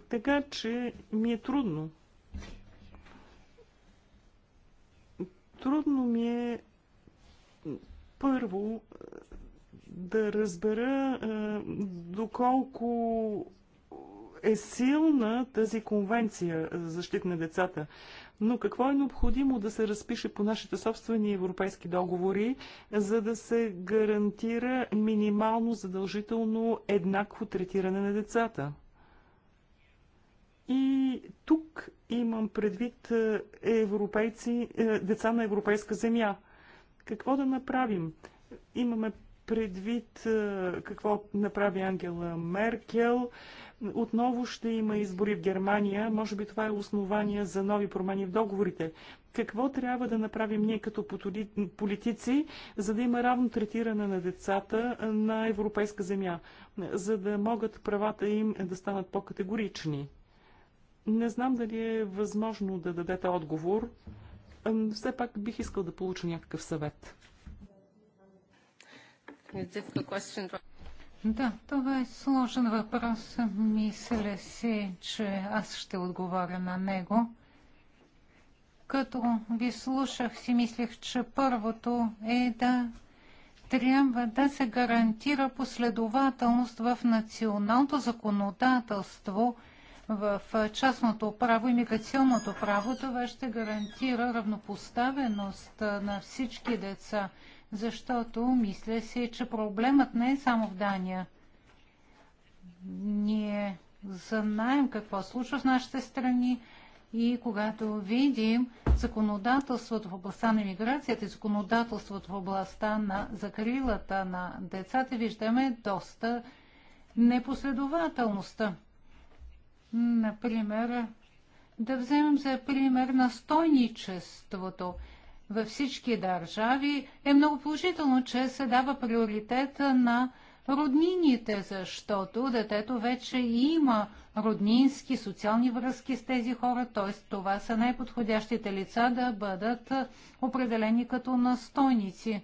Така че ми е трудно. Трудно ми е първо е, да разбера е, доколко е силна тази конвенция за защита на децата. Но какво е необходимо да се разпише по нашите собствени европейски договори, за да се гарантира минимално задължително еднакво третиране на децата? И тук имам предвид е, европейци, е, деца на европейска земя. Какво да направим? Имаме предвид е, какво направи Ангела Меркел. Отново ще има избори в Германия. Може би това е основание за нови промени в договорите. Какво трябва да направим ние като политици, за да има равно третиране на децата на европейска земя, за да могат правата им да станат по-категорични? Не знам дали е възможно да дадете отговор. Все пак бих искал да получа някакъв съвет. Е, да, това е сложен въпрос. Мисля си, че аз ще отговоря на него. Като ви слушах, си мислех, че първото е да трябва да се гарантира последователност в националното законодателство, в частното право и миграционното право. Това ще гарантира равнопоставеност на всички деца защото мисля си, че проблемът не е само в Дания. Ние знаем какво случва в нашите страни и когато видим законодателството в областта на миграцията и законодателството в областта на закрилата на децата, виждаме доста непоследователността. Например, да вземем за пример настойничеството – във всички държави, е много положително, че се дава приоритет на роднините, защото детето вече има роднински, социални връзки с тези хора, т.е. това са най-подходящите лица да бъдат определени като настойници.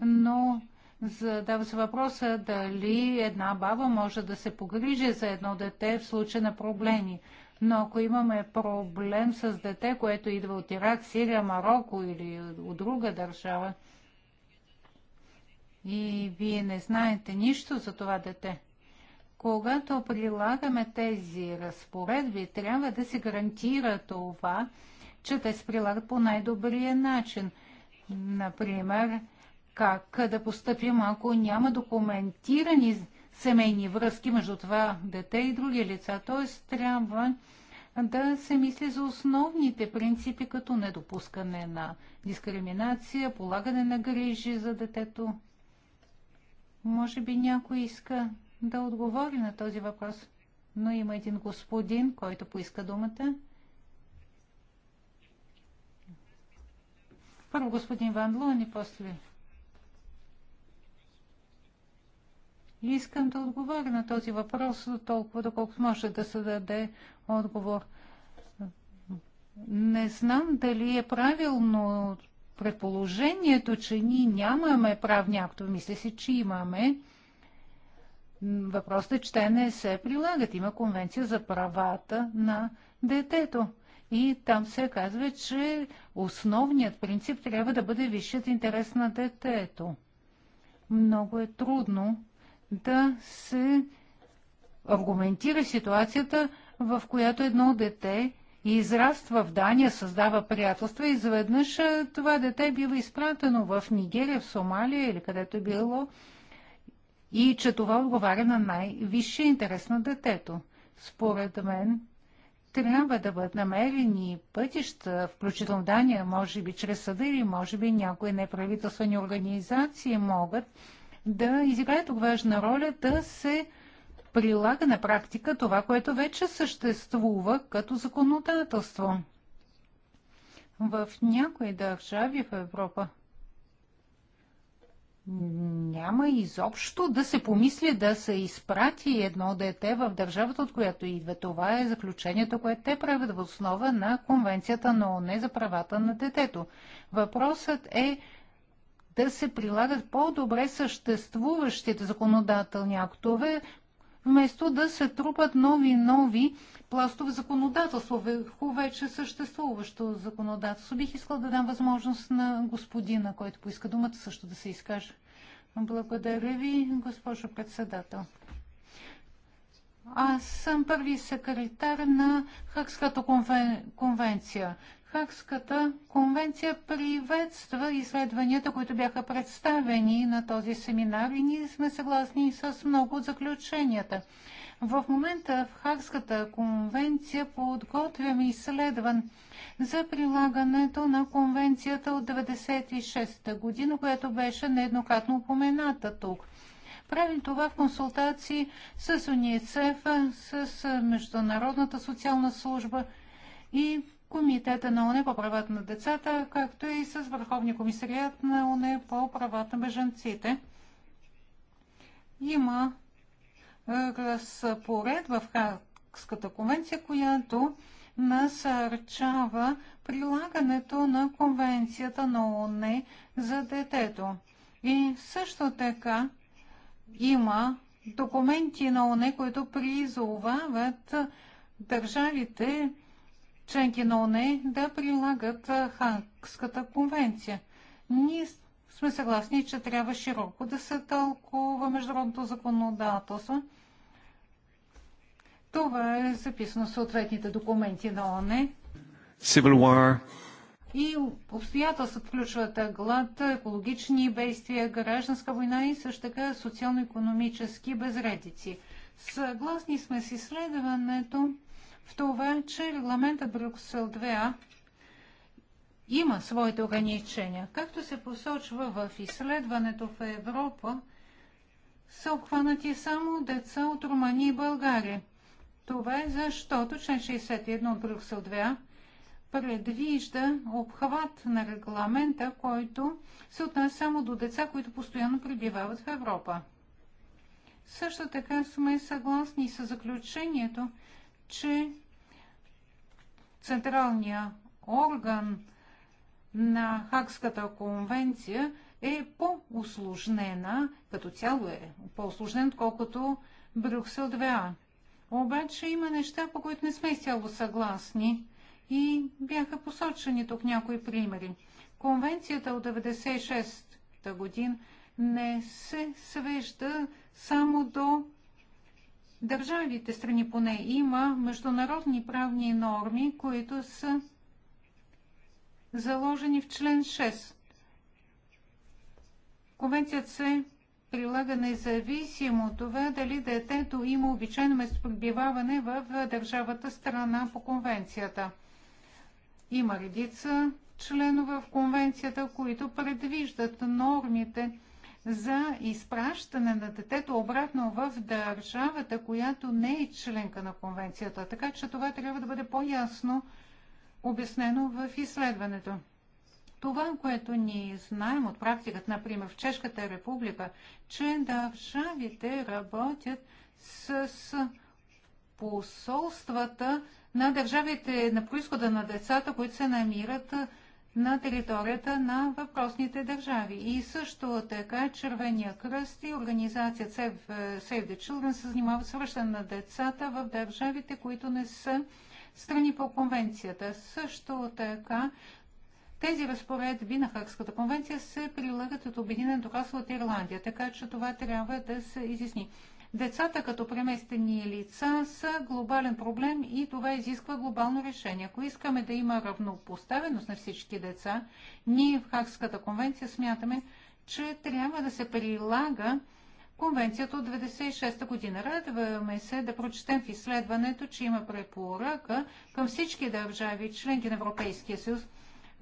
Но задава се въпроса дали една баба може да се погрижи за едно дете в случай на проблеми. Но ако имаме проблем с дете, което идва от Ирак, Сирия, Марокко или от друга държава, и вие не знаете нищо за това дете, когато прилагаме тези разпоредби, трябва да се гарантира това, че те се прилагат по най-добрия начин. Например, как да поступим, ако няма документирани семейни връзки между това дете и други лица. Т.е. трябва да се мисли за основните принципи, като недопускане на дискриминация, полагане на грижи за детето. Може би някой иска да отговори на този въпрос, но има един господин, който поиска думата. Първо господин Ван Лун и после Искам да отговоря на този въпрос толкова, доколкото може да се даде отговор. Не знам дали е правилно предположението, че ние нямаме правни актове. Мисля си, че имаме. Въпросът е, че те не се прилагат. Има конвенция за правата на детето. И там се казва, че основният принцип трябва да бъде висшият интерес на детето. Много е трудно да се аргументира ситуацията, в която едно дете израства в Дания, създава приятелства и изведнъж това дете бива изпратено в Нигерия, в Сомалия или където е било и че това отговаря на най-висшия интерес на детето. Според мен трябва да бъдат намерени пътища, включително Дания, може би чрез съда или може би някои неправителствени организации могат да изиграе тук важна роля да се прилага на практика това, което вече съществува като законодателство. В някои държави в Европа няма изобщо да се помисли да се изпрати едно дете в държавата, от която идва. Това е заключението, което те правят в основа на Конвенцията на ОНЕ за правата на детето. Въпросът е да се прилагат по-добре съществуващите законодателни актове, вместо да се трупат нови и нови пластове законодателство върху вече съществуващо законодателство. Бих искал да дам възможност на господина, който поиска думата, също да се изкаже. Благодаря ви, госпожо председател. Аз съм първи секретар на Хакската конвенция. Хакската конвенция приветства изследванията, които бяха представени на този семинар и ние сме съгласни с много от заключенията. В момента в Хакската конвенция подготвяме изследван за прилагането на конвенцията от 1996 година, която беше нееднократно упомената тук. Правим това в консултации с УНИЦЕФ, с Международната социална служба и Комитета на ОНЕ по правата на децата, както и с Върховния комисариат на ОНЕ по правата на бежанците. Има е, разпоред в Хагската конвенция, която насърчава прилагането на конвенцията на ОНЕ за детето. И също така има документи на ОНЕ, които призовават държавите членки на ОНЕ да прилагат Хангската конвенция. Ние сме съгласни, че трябва широко да се тълкува международното законодателство. Това е записано в съответните документи на ОНЕ. Civil War. И обстоятелствата включват глад, екологични бедствия, гражданска война и също така социално-економически безредици. Съгласни сме с изследването, в това, че регламентът Брюксел 2А има своите ограничения. Както се посочва в изследването в Европа, са обхванати само деца от Румъния и България. Това е защото член 61 от Брюксел 2 предвижда обхват на регламента, който се отнася само до деца, които постоянно пребивават в Европа. Също така сме съгласни с заключението, че централният орган на Хакската конвенция е по осложнена като цяло е по-усложнен, отколкото Брюксел 2А. Обаче има неща, по които не сме изцяло съгласни и бяха посочени тук някои примери. Конвенцията от 96-та година не се свежда само до държавите страни поне има международни правни норми, които са заложени в член 6. Конвенцията се прилага независимо от това дали детето има обичайно местопребиваване в държавата страна по конвенцията. Има редица членове в конвенцията, които предвиждат нормите – за изпращане на детето обратно в държавата, която не е членка на конвенцията. Така че това трябва да бъде по-ясно обяснено в изследването. Това, което ни знаем от практиката, например в Чешката република, че държавите работят с посолствата на държавите на происхода на децата, които се намират на територията на въпросните държави. И също така Червения кръст и организация е, Save the Children се занимават с връщане на децата в държавите, които не са страни по конвенцията. Също така тези разпоредби на Хакската конвенция се прилагат от Обединен кралство от Ирландия, така че това трябва да се изясни. Децата като преместени лица са глобален проблем и това изисква глобално решение. Ако искаме да има равнопоставеност на всички деца, ние в Хакската конвенция смятаме, че трябва да се прилага Конвенцията от 1996 година. Радваме се да прочетем в изследването, че има препоръка към всички държави, членки на Европейския съюз,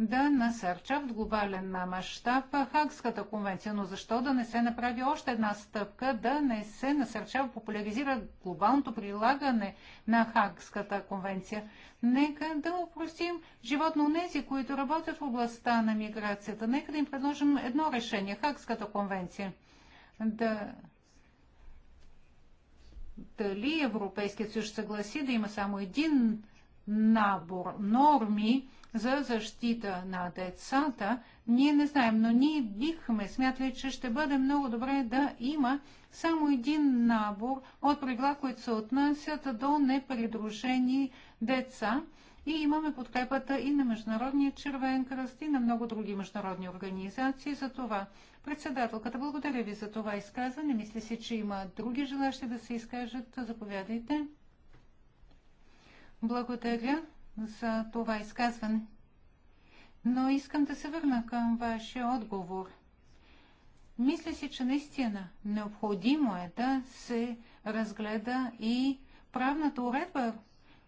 да насърча в глобален мащаб Хагската конвенция. Но защо да не се направи още една стъпка, да не се насърчава, популяризира глобалното прилагане на Хагската конвенция? Нека да упростим животно нези, които работят в областта на миграцията. Нека да им предложим едно решение – Хагската конвенция. Да дали Европейският съюз съгласи да има само един набор норми, за защита на децата, ние не знаем, но ние бихме смятали, че ще бъде много добре да има само един набор от правила, които се отнасят до непридружени деца. И имаме подкрепата и на Международния червен кръст и на много други международни организации за това. Председателката, благодаря ви за това изказване. Мисля си, че има други желащи да се изкажат. Заповядайте. Благодаря за това изказване. Но искам да се върна към вашия отговор. Мисля си, че наистина необходимо е да се разгледа и правната уредба,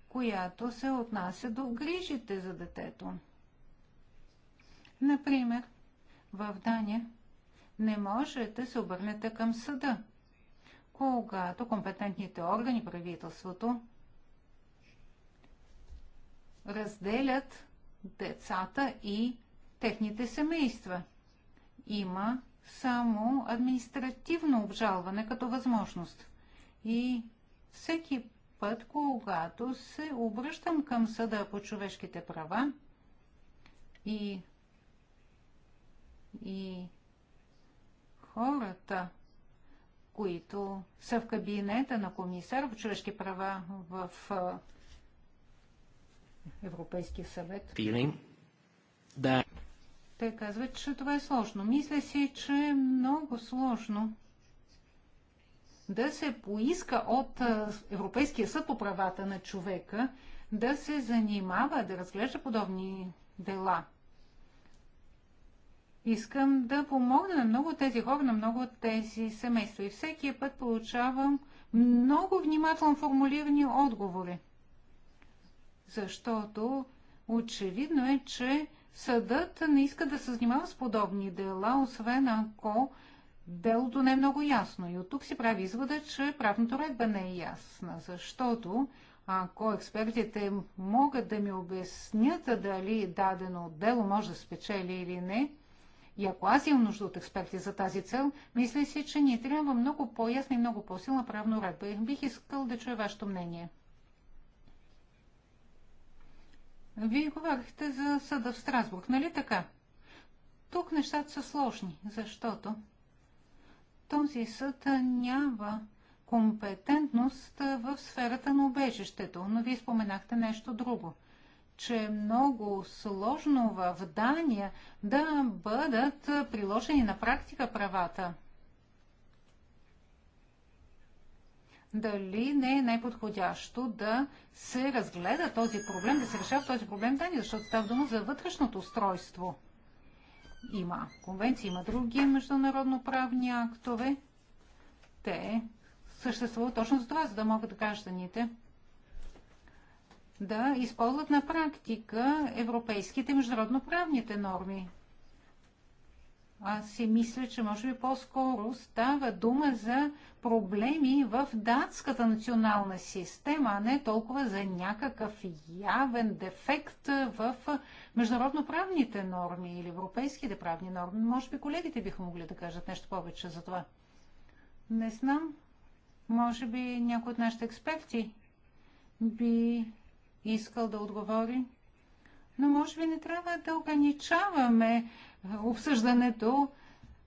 която се отнася до грижите за детето. Например, в Дания не може да се обърнете към съда, когато компетентните органи, правителството, разделят децата и техните семейства. Има само административно обжалване като възможност. И всеки път, когато се обръщам към съда по човешките права и, и хората, които са в кабинета на комисар по човешки права в Европейския съвет. Да. Те казват, че това е сложно. Мисля си, че е много сложно да се поиска от Европейския съд по правата на човека да се занимава, да разглежда подобни дела. Искам да помогна на много тези хора, на много тези семейства и всеки път получавам много внимателно формулирани отговори защото очевидно е, че съдът не иска да се занимава с подобни дела, освен ако делото не е много ясно. И от тук си прави извода, че правната редба не е ясна, защото ако експертите могат да ми обяснят дали дадено дело може да спечели или не, и ако аз имам нужда от експерти за тази цел, мисля си, че ни трябва много по-ясна и много по-силна правна уредба. Бих искал да чуя вашето мнение. Вие говорихте за съда в Страсбург, нали така? Тук нещата са сложни, защото този съд няма компетентност в сферата на убежището, но вие споменахте нещо друго че е много сложно в Дания да бъдат приложени на практика правата. дали не е най-подходящо да се разгледа този проблем, да се решава този проблем дани, защото става дума за вътрешното устройство. Има конвенции, има други международно-правни актове. Те съществуват точно за това, за да могат гражданите да използват на практика европейските международноправните правните норми. Аз си мисля, че може би по-скоро става дума за проблеми в датската национална система, а не толкова за някакъв явен дефект в международноправните норми или европейските правни норми. Може би колегите биха могли да кажат нещо повече за това. Не знам. Може би някой от нашите експерти би искал да отговори. Но може би не трябва да ограничаваме обсъждането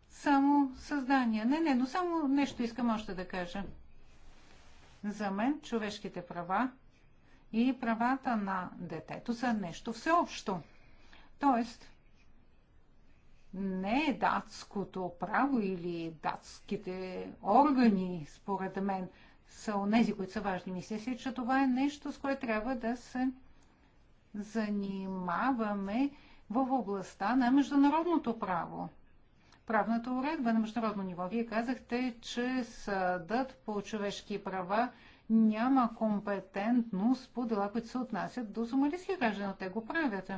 само създания. Не, не, но само нещо искам още да кажа. За мен човешките права и правата на детето са нещо всеобщо. Тоест, не е датското право или датските органи, според мен, са онези, които са важни. Мисля си, че това е нещо, с което трябва да се занимаваме в областта на международното право. Правната уредба на международно ниво. Вие казахте, че съдът по човешки права няма компетентност по дела, които се отнасят до сумалийски граждани. Те го правят.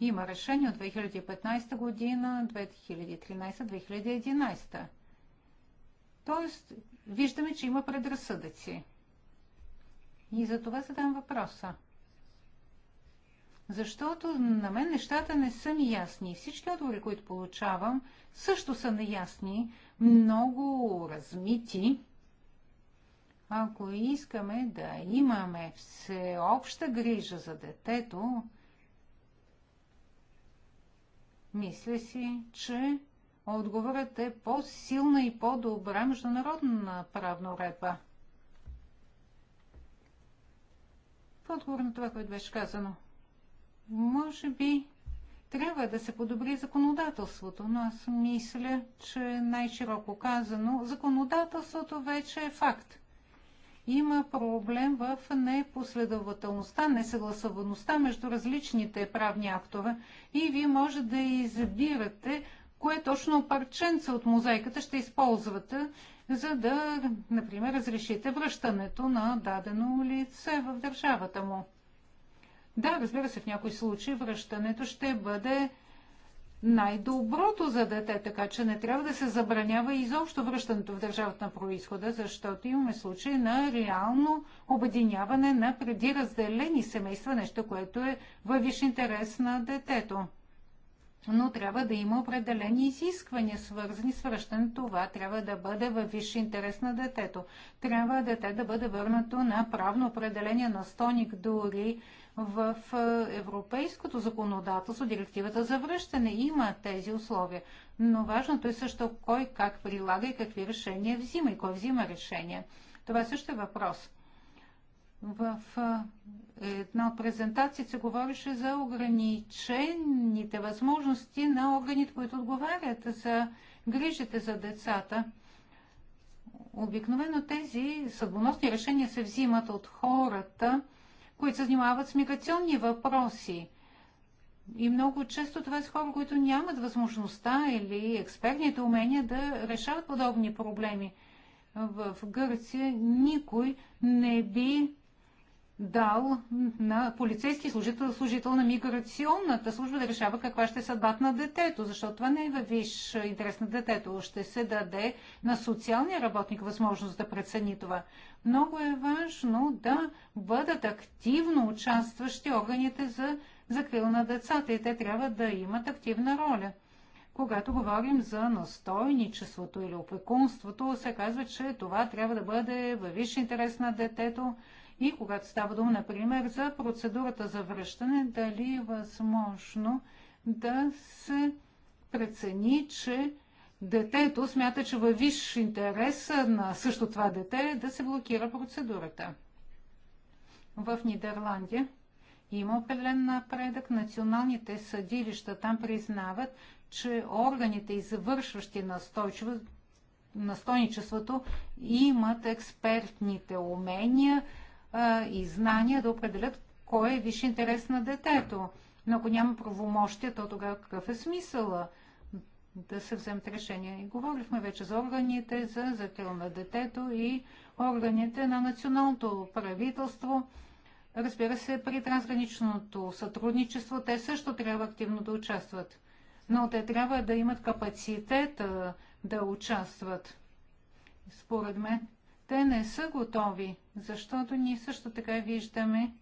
Има решение от 2015 година, 2013-2011. Тоест, виждаме, че има предразсъдъци. И за това задам въпроса защото на мен нещата не са ми ясни. Всички отговори, които получавам, също са неясни, много размити. Ако искаме да имаме всеобща грижа за детето, мисля си, че отговорът е по-силна и по-добра международна правна уредба. В отговор на това, което беше казано – може би трябва да се подобри законодателството, но аз мисля, че най-широко казано, законодателството вече е факт. Има проблем в непоследователността, несъгласуваността между различните правни актове и вие може да избирате кое точно парченце от мозайката ще използвате, за да, например, разрешите връщането на дадено лице в държавата му. Да, разбира се, в някои случаи връщането ще бъде най-доброто за дете, така че не трябва да се забранява изобщо връщането в държавата на происхода, защото имаме случаи на реално обединяване на преди разделени семейства, нещо, което е във виш интерес на детето. Но трябва да има определени изисквания, свързани с връщането. Това трябва да бъде във висш интерес на детето. Трябва дете да бъде върнато на правно определение стоник, дори в европейското законодателство, директивата за връщане има тези условия. Но важното е също кой как прилага и какви решения взима и кой взима решения. Това е също е въпрос. В една от презентациите се говореше за ограничените възможности на органите, които отговарят за грижите за децата. Обикновено тези съдбоносни решения се взимат от хората, които се занимават с миграционни въпроси. И много често това са хора, които нямат възможността или експертните умения да решават подобни проблеми. В Гърция никой не би дал на полицейски служител, служител на миграционната служба да решава каква ще е съдбата на детето, защото това не е във виш интерес на детето. Ще се даде на социалния работник възможност да прецени това. Много е важно да бъдат активно участващи органите за закрила на децата и те трябва да имат активна роля. Когато говорим за настойничеството или опекунството, се казва, че това трябва да бъде във висш интерес на детето и когато става дума, например, за процедурата за връщане, дали е възможно да се прецени, че детето смята, че във висш интерес на също това дете е да се блокира процедурата. В Нидерландия има определен напредък. Националните съдилища там признават, че органите, извършващи настойничеството, имат експертните умения а, и знания да определят кой е висш интерес на детето. Но ако няма правомощия, то тогава какъв е смисъла? да се вземат решения. И говорихме вече за органите за закрил на детето и органите на националното правителство. Разбира се, при трансграничното сътрудничество те също трябва активно да участват, но те трябва да имат капацитета да участват. Според мен, те не са готови, защото ние също така виждаме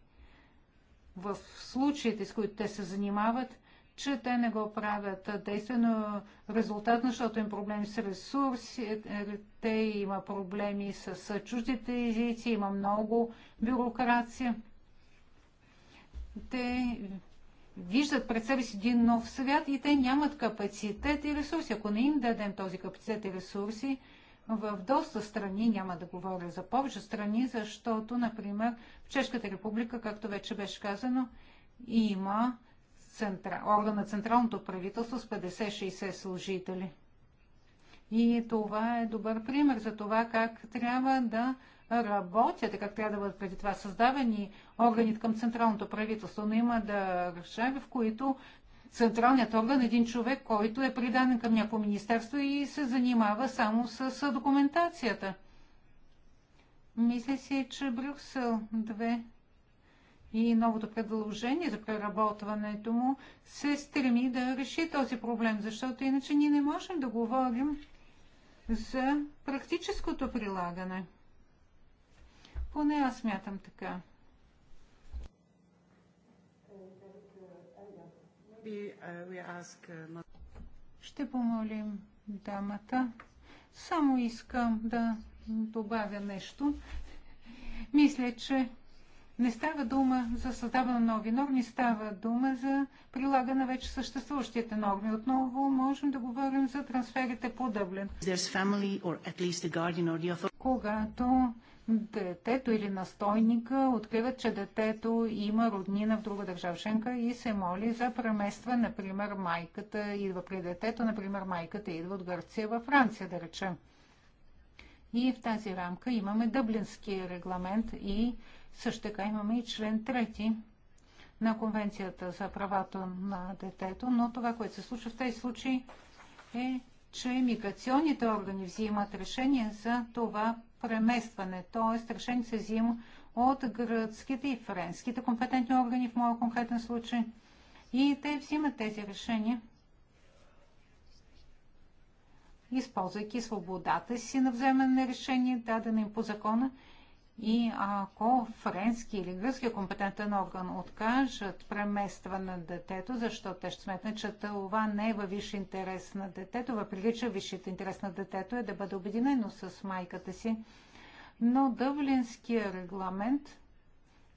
в случаите, с които те се занимават, че те не го правят действено резултатно, защото им проблеми с ресурси, е, е, те има проблеми с чуждите езици, има много бюрокрация. Те виждат пред себе си един нов свят и те нямат капацитет и ресурси. Ако не им дадем този капацитет и ресурси, в доста страни, няма да говоря за повече страни, защото, например, в Чешката република, както вече беше казано, има центра, орган на Централното правителство с 50-60 служители. И това е добър пример за това как трябва да работят и как трябва да бъдат преди това създавани органи към Централното правителство. Но има държави, в които Централният орган е един човек, който е придаден към някакво министерство и се занимава само с документацията. Мисля си, че Брюксел и новото предложение за преработването му се стреми да реши този проблем, защото иначе ние не можем да говорим за практическото прилагане. Поне аз смятам така. Uh, uh, Ще помолим дамата. Само искам да добавя нещо. Мисля, че не става дума за създаване на нови норми, става дума за прилагане на вече съществуващите норми. Отново можем да говорим за трансферите по Дъблин. Когато детето или настойника откриват, че детето има роднина в друга държава членка и се моли за премества, например, майката идва при детето, например, майката идва от Гърция във Франция, да речем. И в тази рамка имаме Дъблинския регламент и също така имаме и член 3 на Конвенцията за правата на детето, но това, което се случва в тези случаи е, че миграционните органи взимат решение за това преместване, т.е. решение се взима от гръцките и френските компетентни органи в моя конкретен случай. И те взимат тези решения, използвайки свободата си на вземане на решение, дадена им по закона, и ако френски или гръцки компетентен орган откажат преместване на детето, защото те ще сметнат, че това не е във висши интерес на детето, въпреки че висшият интерес на детето е да бъде обединено с майката си. Но Дъблинския регламент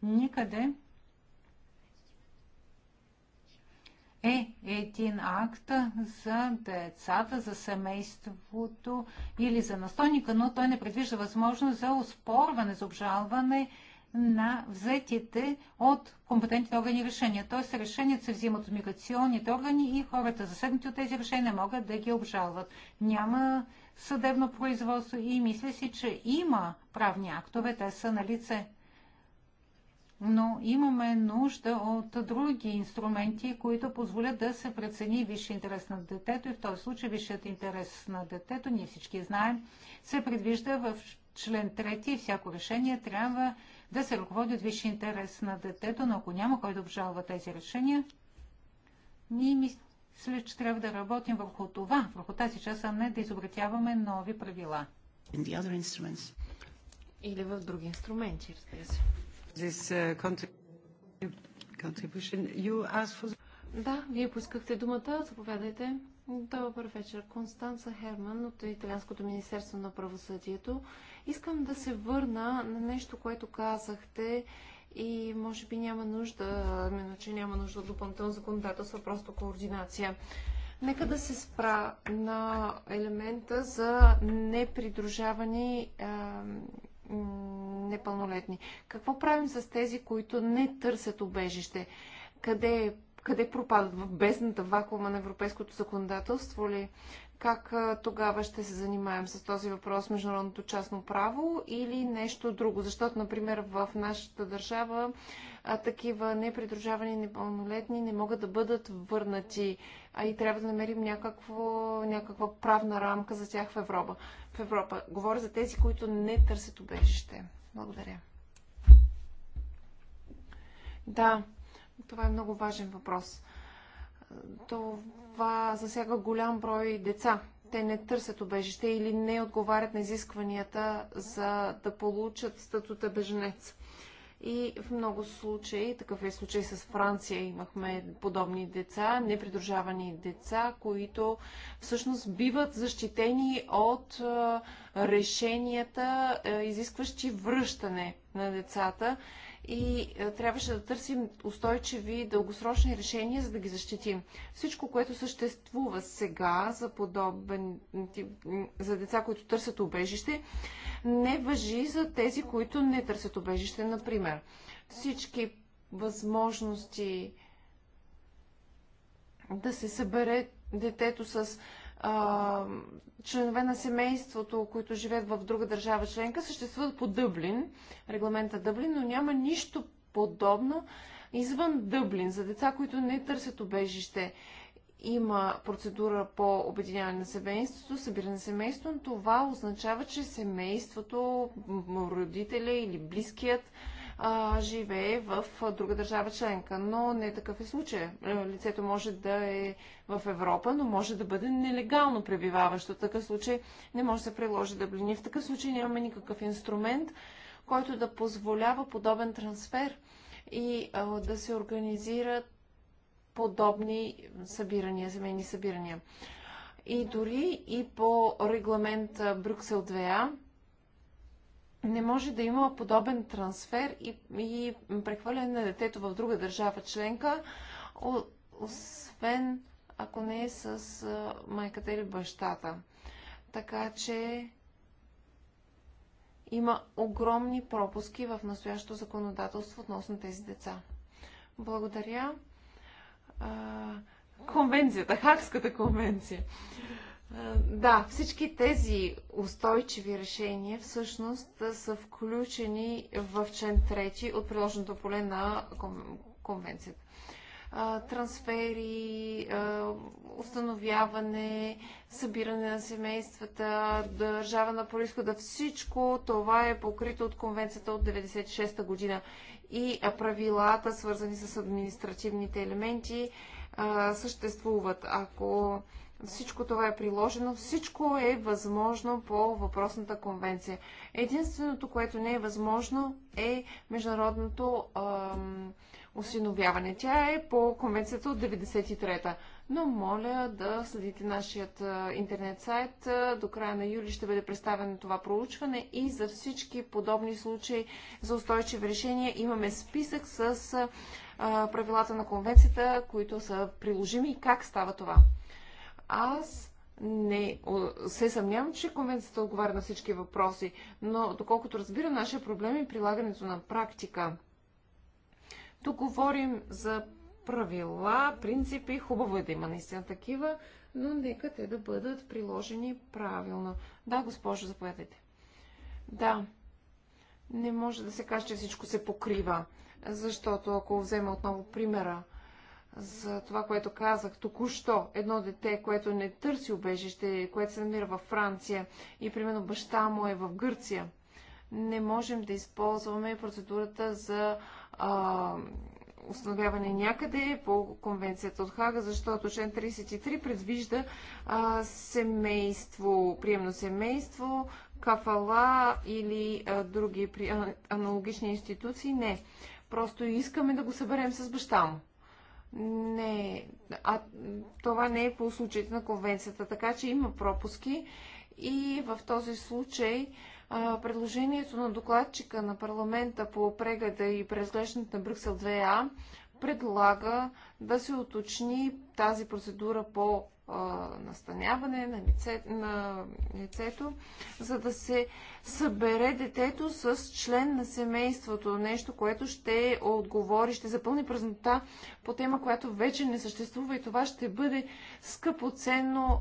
никъде е един акт за децата, за семейството или за настойника, но той не предвижда възможност за оспорване, за обжалване на взетите от компетентните органи решения. Тоест решенията се взимат от миграционните органи и хората, засегнати от тези решения, могат да ги обжалват. Няма съдебно производство и мисля си, че има правни актове, те са на лице но имаме нужда от други инструменти, които позволят да се прецени висши интерес на детето и в този случай висшият интерес на детето, ние всички знаем, се предвижда в член 3 и всяко решение трябва да се ръководи от висши интерес на детето, но ако няма кой да обжалва тези решения, ние мисля, че трябва да работим върху това, върху тази част, а не да изобретяваме нови правила. Или в други инструменти, разбира се. Uh, да, вие поискахте думата. Заповядайте. Добър вечер. Констанца Херман от Италианското министерство на правосъдието. Искам да се върна на нещо, което казахте и може би няма нужда, именно, че няма нужда от допълнително законодателство, просто координация. Нека да се спра на елемента за непридружавани а, непълнолетни. Какво правим с тези, които не търсят убежище? Къде, къде пропадат? В бездната вакуума на европейското законодателство ли? Как тогава ще се занимаем с този въпрос международното частно право или нещо друго? Защото, например, в нашата държава такива непридружавани непълнолетни не могат да бъдат върнати а и трябва да намерим някакво, някаква правна рамка за тях в Европа. В Европа. Говоря за тези, които не търсят убежище. Благодаря. Да, това е много важен въпрос. Това засяга голям брой деца. Те не търсят убежище или не отговарят на изискванията за да получат статута беженец. И в много случаи, такъв е случай с Франция, имахме подобни деца, непридружавани деца, които всъщност биват защитени от решенията, изискващи връщане на децата. И трябваше да търсим устойчиви дългосрочни решения, за да ги защитим. Всичко, което съществува сега за подобен за деца, които търсят убежище, не въжи за тези, които не търсят убежище, например. Всички възможности да се събере детето с а, членове на семейството, които живеят в друга държава членка, съществуват по Дъблин, регламента Дъблин, но няма нищо подобно извън Дъблин за деца, които не търсят убежище има процедура по обединяване на семейството, събиране на семейството, това означава, че семейството, родителя или близкият а, живее в друга държава членка. Но не такъв е случай. Е, лицето може да е в Европа, но може да бъде нелегално пребиваващо. В такъв случай не може да се приложи да блини. В такъв случай нямаме никакъв инструмент, който да позволява подобен трансфер и а, да се организират подобни събирания, земени събирания. И дори и по регламент Брюксел 2А не може да има подобен трансфер и, и прехвърляне на детето в друга държава членка, освен ако не е с майката или бащата. Така че има огромни пропуски в настоящото законодателство относно тези деца. Благодаря а, конвенцията, Хакската конвенция. А, да, всички тези устойчиви решения всъщност са включени в член 3 от приложеното поле на конвенцията трансфери, установяване, събиране на семействата, държава на происхода. Всичко това е покрито от конвенцията от 1996 година и правилата, свързани с административните елементи, съществуват. Ако всичко това е приложено, всичко е възможно по въпросната конвенция. Единственото, което не е възможно, е международното ам, осиновяване. Тя е по конвенцията от 93-та. Но моля да следите нашият интернет сайт. До края на юли ще бъде представено това проучване и за всички подобни случаи за устойчиви решения имаме списък с правилата на конвенцията, които са приложими и как става това. Аз не се съмнявам, че конвенцията отговаря на всички въпроси, но доколкото разбира, нашия проблем е прилагането на практика – тук говорим за правила, принципи. Хубаво е да има наистина такива, но нека те да бъдат приложени правилно. Да, госпожо, заповядайте. Да, не може да се каже, че всичко се покрива, защото ако взема отново примера за това, което казах току-що, едно дете, което не търси убежище, което се намира във Франция и примерно баща му е в Гърция, не можем да използваме процедурата за а, установяване някъде по конвенцията от Хага, защото член 33 предвижда а, семейство, приемно семейство, кафала или а, други при, а, аналогични институции. Не. Просто искаме да го съберем с баща му. Не, а това не е по случаите на конвенцията, така че има пропуски и в този случай предложението на докладчика на парламента по прегледа и преразглеждането на Брюксел 2А предлага да се уточни тази процедура по настаняване на, лице, на лицето, за да се събере детето с член на семейството. Нещо, което ще отговори, ще запълни празнота по тема, която вече не съществува и това ще бъде скъпоценно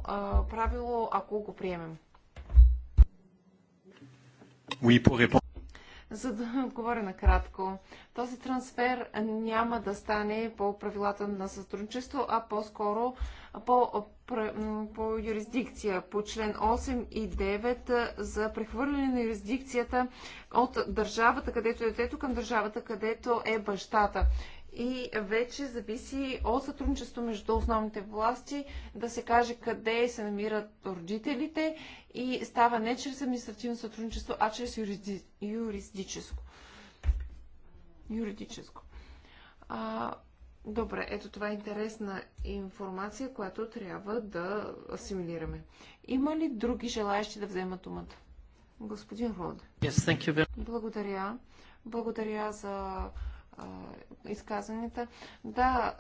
правило, ако го приемем. Oui, pour répondre. За да отговоря накратко. Този трансфер няма да стане по правилата на сътрудничество, а по-скоро по, по юрисдикция, по член 8 и 9 за прехвърляне на юрисдикцията от държавата, където е детето, към държавата, където е бащата и вече зависи от сътрудничество между основните власти да се каже къде се намират родителите и става не чрез административно сътрудничество, а чрез юриди... юридическо. юридическо. А, добре, ето това е интересна информация, която трябва да асимилираме. Има ли други желаящи да вземат думата? Господин Роде? Yes, Благодаря. Благодаря за изказаните. Да,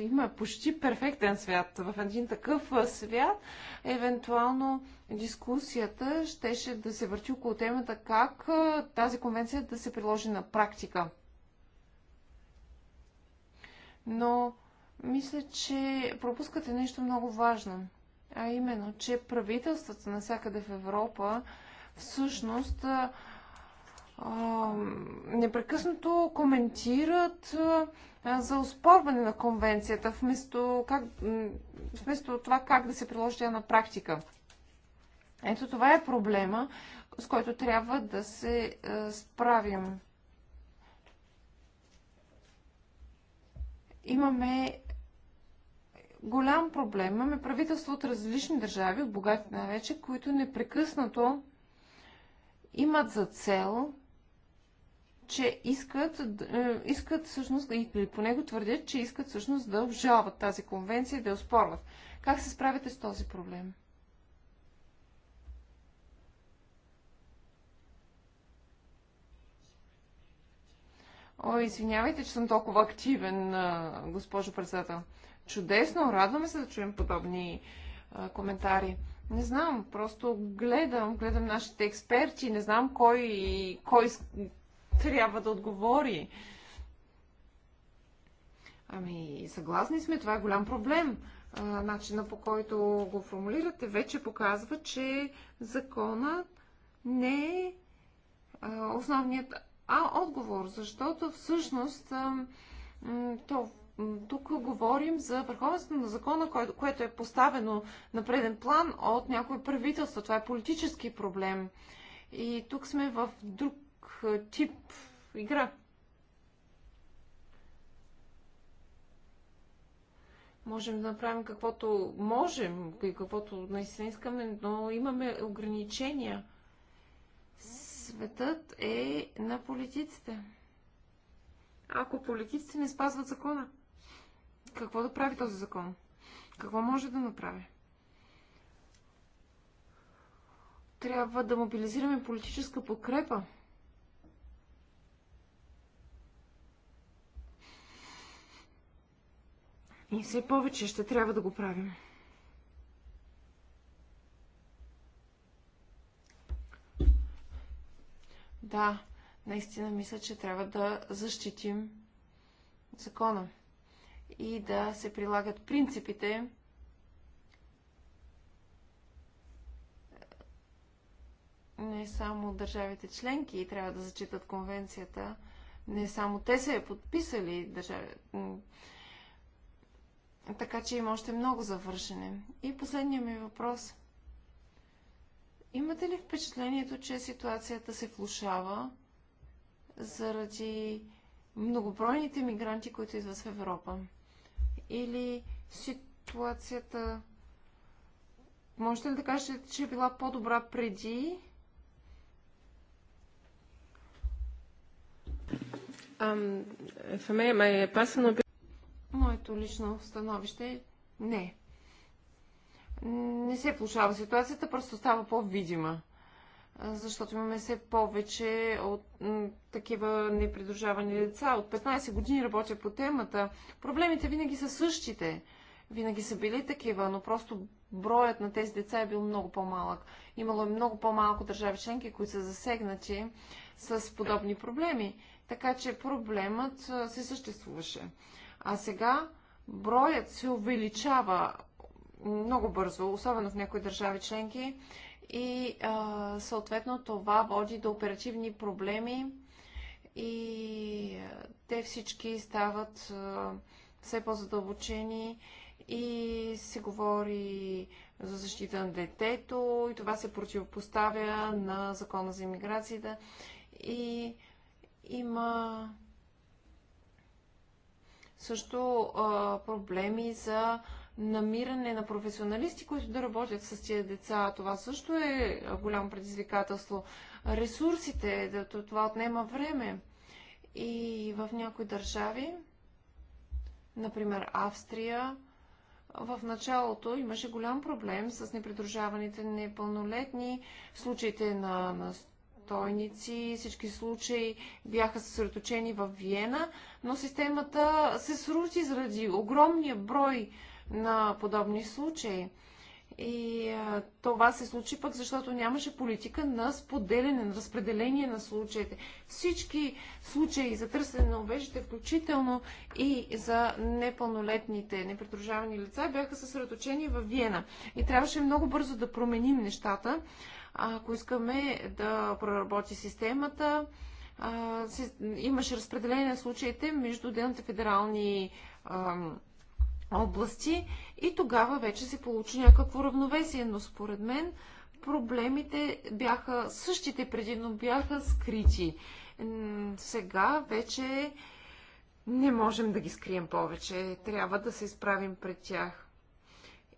има почти перфектен свят. В един такъв свят, евентуално дискусията щеше да се върти около темата как тази конвенция да се приложи на практика. Но мисля, че пропускате нещо много важно. А именно, че правителствата навсякъде в Европа всъщност непрекъснато коментират за успорване на конвенцията, вместо, как, вместо това как да се приложи тя на практика. Ето това е проблема, с който трябва да се справим. Имаме голям проблем. Имаме правителство от различни държави, от богатите най-вече, които непрекъснато имат за цел че искат, е, искат всъщност, или по него твърдят, че искат всъщност да обжалват тази конвенция и да я спорват. Как се справите с този проблем? О, извинявайте, че съм толкова активен, госпожо председател. Чудесно, радваме се да чуем подобни а, коментари. Не знам, просто гледам, гледам нашите експерти, не знам кой, кой трябва да отговори. Ами, съгласни сме, това е голям проблем. начина по който го формулирате вече показва, че закона не е основният а, отговор, защото всъщност то, тук говорим за върховенството на закона, което, което е поставено на преден план от някои правителства. Това е политически проблем. И тук сме в друг е, тип игра. Можем да направим каквото можем и каквото наистина искаме, но имаме ограничения. Светът е на политиците. Ако политиците не спазват закона, какво да прави този закон? Какво може да направи? Трябва да мобилизираме политическа подкрепа И все повече ще трябва да го правим. Да, наистина мисля, че трябва да защитим закона и да се прилагат принципите, не само държавите членки трябва да зачитат конвенцията, не само те са я подписали, държавите. Така че има още много завършене. И последният ми въпрос. Имате ли впечатлението, че ситуацията се влушава заради многобройните мигранти, които идват в Европа? Или ситуацията... Можете ли да кажете, че е била по-добра преди? Um, for me, my personal Моето лично становище не. Не се влушава ситуацията, просто става по-видима. Защото имаме все повече от такива непридружавани деца. От 15 години работя по темата. Проблемите винаги са същите. Винаги са били такива, но просто броят на тези деца е бил много по-малък. Имало е много по-малко държави членки, които са засегнати с подобни проблеми. Така че проблемът се съществуваше. А сега броят се увеличава много бързо, особено в някои държави членки и а, съответно това води до оперативни проблеми и а, те всички стават а, все по-задълбочени и се говори за защита на детето и това се противопоставя на закона за иммиграцията и има също а, проблеми за намиране на професионалисти, които да работят с тези деца. Това също е голямо предизвикателство. Ресурсите, това отнема време. И в някои държави, например Австрия, в началото имаше голям проблем с непридружаваните непълнолетни, случаите на, на настойници. Всички случаи бяха съсредоточени в Виена, но системата се срути заради огромния брой на подобни случаи. И а, това се случи пък, защото нямаше политика на споделяне, на разпределение на случаите. Всички случаи за търсене на обежите, включително и за непълнолетните, непридружавани лица, бяха съсредоточени в Виена. И трябваше много бързо да променим нещата, ако искаме да проработи системата, имаше разпределение на случаите между отделните федерални области и тогава вече се получи някакво равновесие, но според мен проблемите бяха същите преди, но бяха скрити. Сега вече не можем да ги скрием повече. Трябва да се изправим пред тях.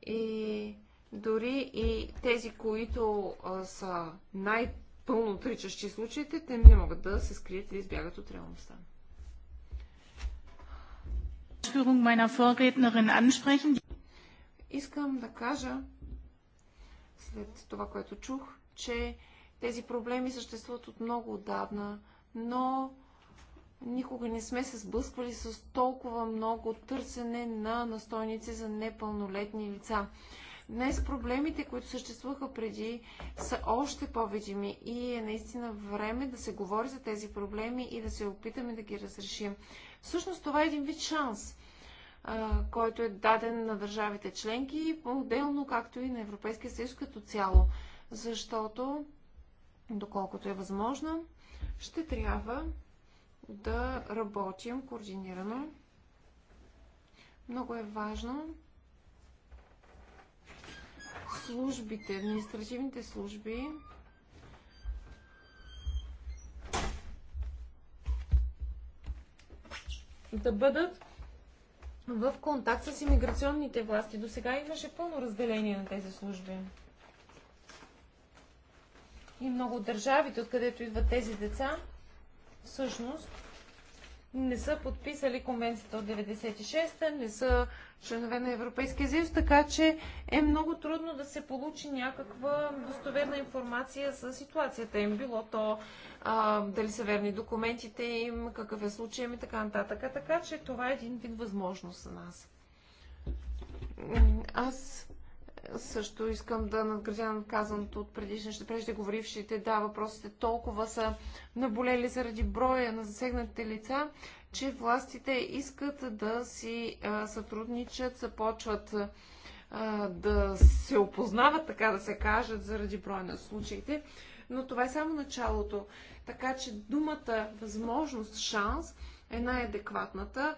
И дори и тези, които а, са най-пълно отричащи случаите, те не могат да се скрият или избягат от реалността. Искам да кажа, след това, което чух, че тези проблеми съществуват от много отдавна, но никога не сме се сблъсквали с толкова много търсене на настойници за непълнолетни лица. Днес проблемите, които съществуваха преди, са още по-видими и е наистина време да се говори за тези проблеми и да се опитаме да ги разрешим. Всъщност това е един вид шанс, който е даден на държавите членки, отделно както и на Европейския съюз като цяло, защото, доколкото е възможно, ще трябва да работим координирано. Много е важно службите, административните служби да бъдат в контакт с иммиграционните власти. До сега имаше пълно разделение на тези служби. И много държавите, откъдето идват тези деца, всъщност не са подписали конвенцията от 96-та, не са членове на Европейския съюз, така че е много трудно да се получи някаква достоверна информация за ситуацията им. Било то а, дали са верни документите им, какъв е случай им и така нататък. Така че това е един вид възможност за нас. Аз също искам да надградя казаното от предишните преждеговорившите. Да, въпросите толкова са наболели заради броя на засегнатите лица, че властите искат да си сътрудничат, започват да се опознават, така да се кажат, заради броя на случаите. Но това е само началото. Така че думата възможност, шанс е най-адекватната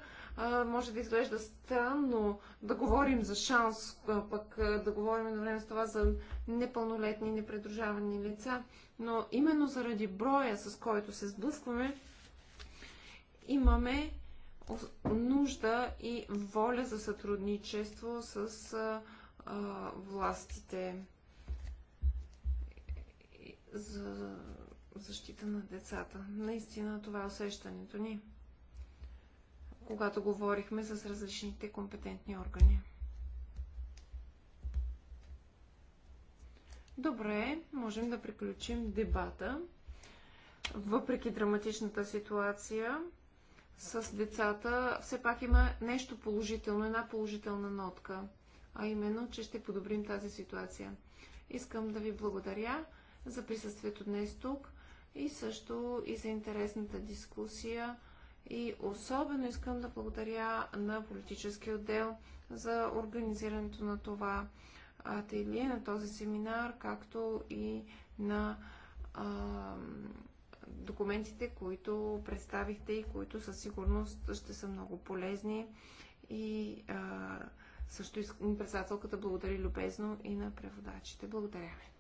може да изглежда странно да говорим за шанс, пък да говорим на време с това за непълнолетни, непредружавани лица, но именно заради броя, с който се сблъскваме, имаме нужда и воля за сътрудничество с а, а, властите за защита на децата. Наистина това е усещането ни когато говорихме с различните компетентни органи. Добре, можем да приключим дебата. Въпреки драматичната ситуация с децата, все пак има нещо положително, една положителна нотка, а именно, че ще подобрим тази ситуация. Искам да ви благодаря за присъствието днес тук и също и за интересната дискусия и особено искам да благодаря на политическия отдел за организирането на това ателие, на този семинар, както и на а, документите, които представихте и които със сигурност ще са много полезни. И а, също председателката благодари любезно и на преводачите. Благодаря ви.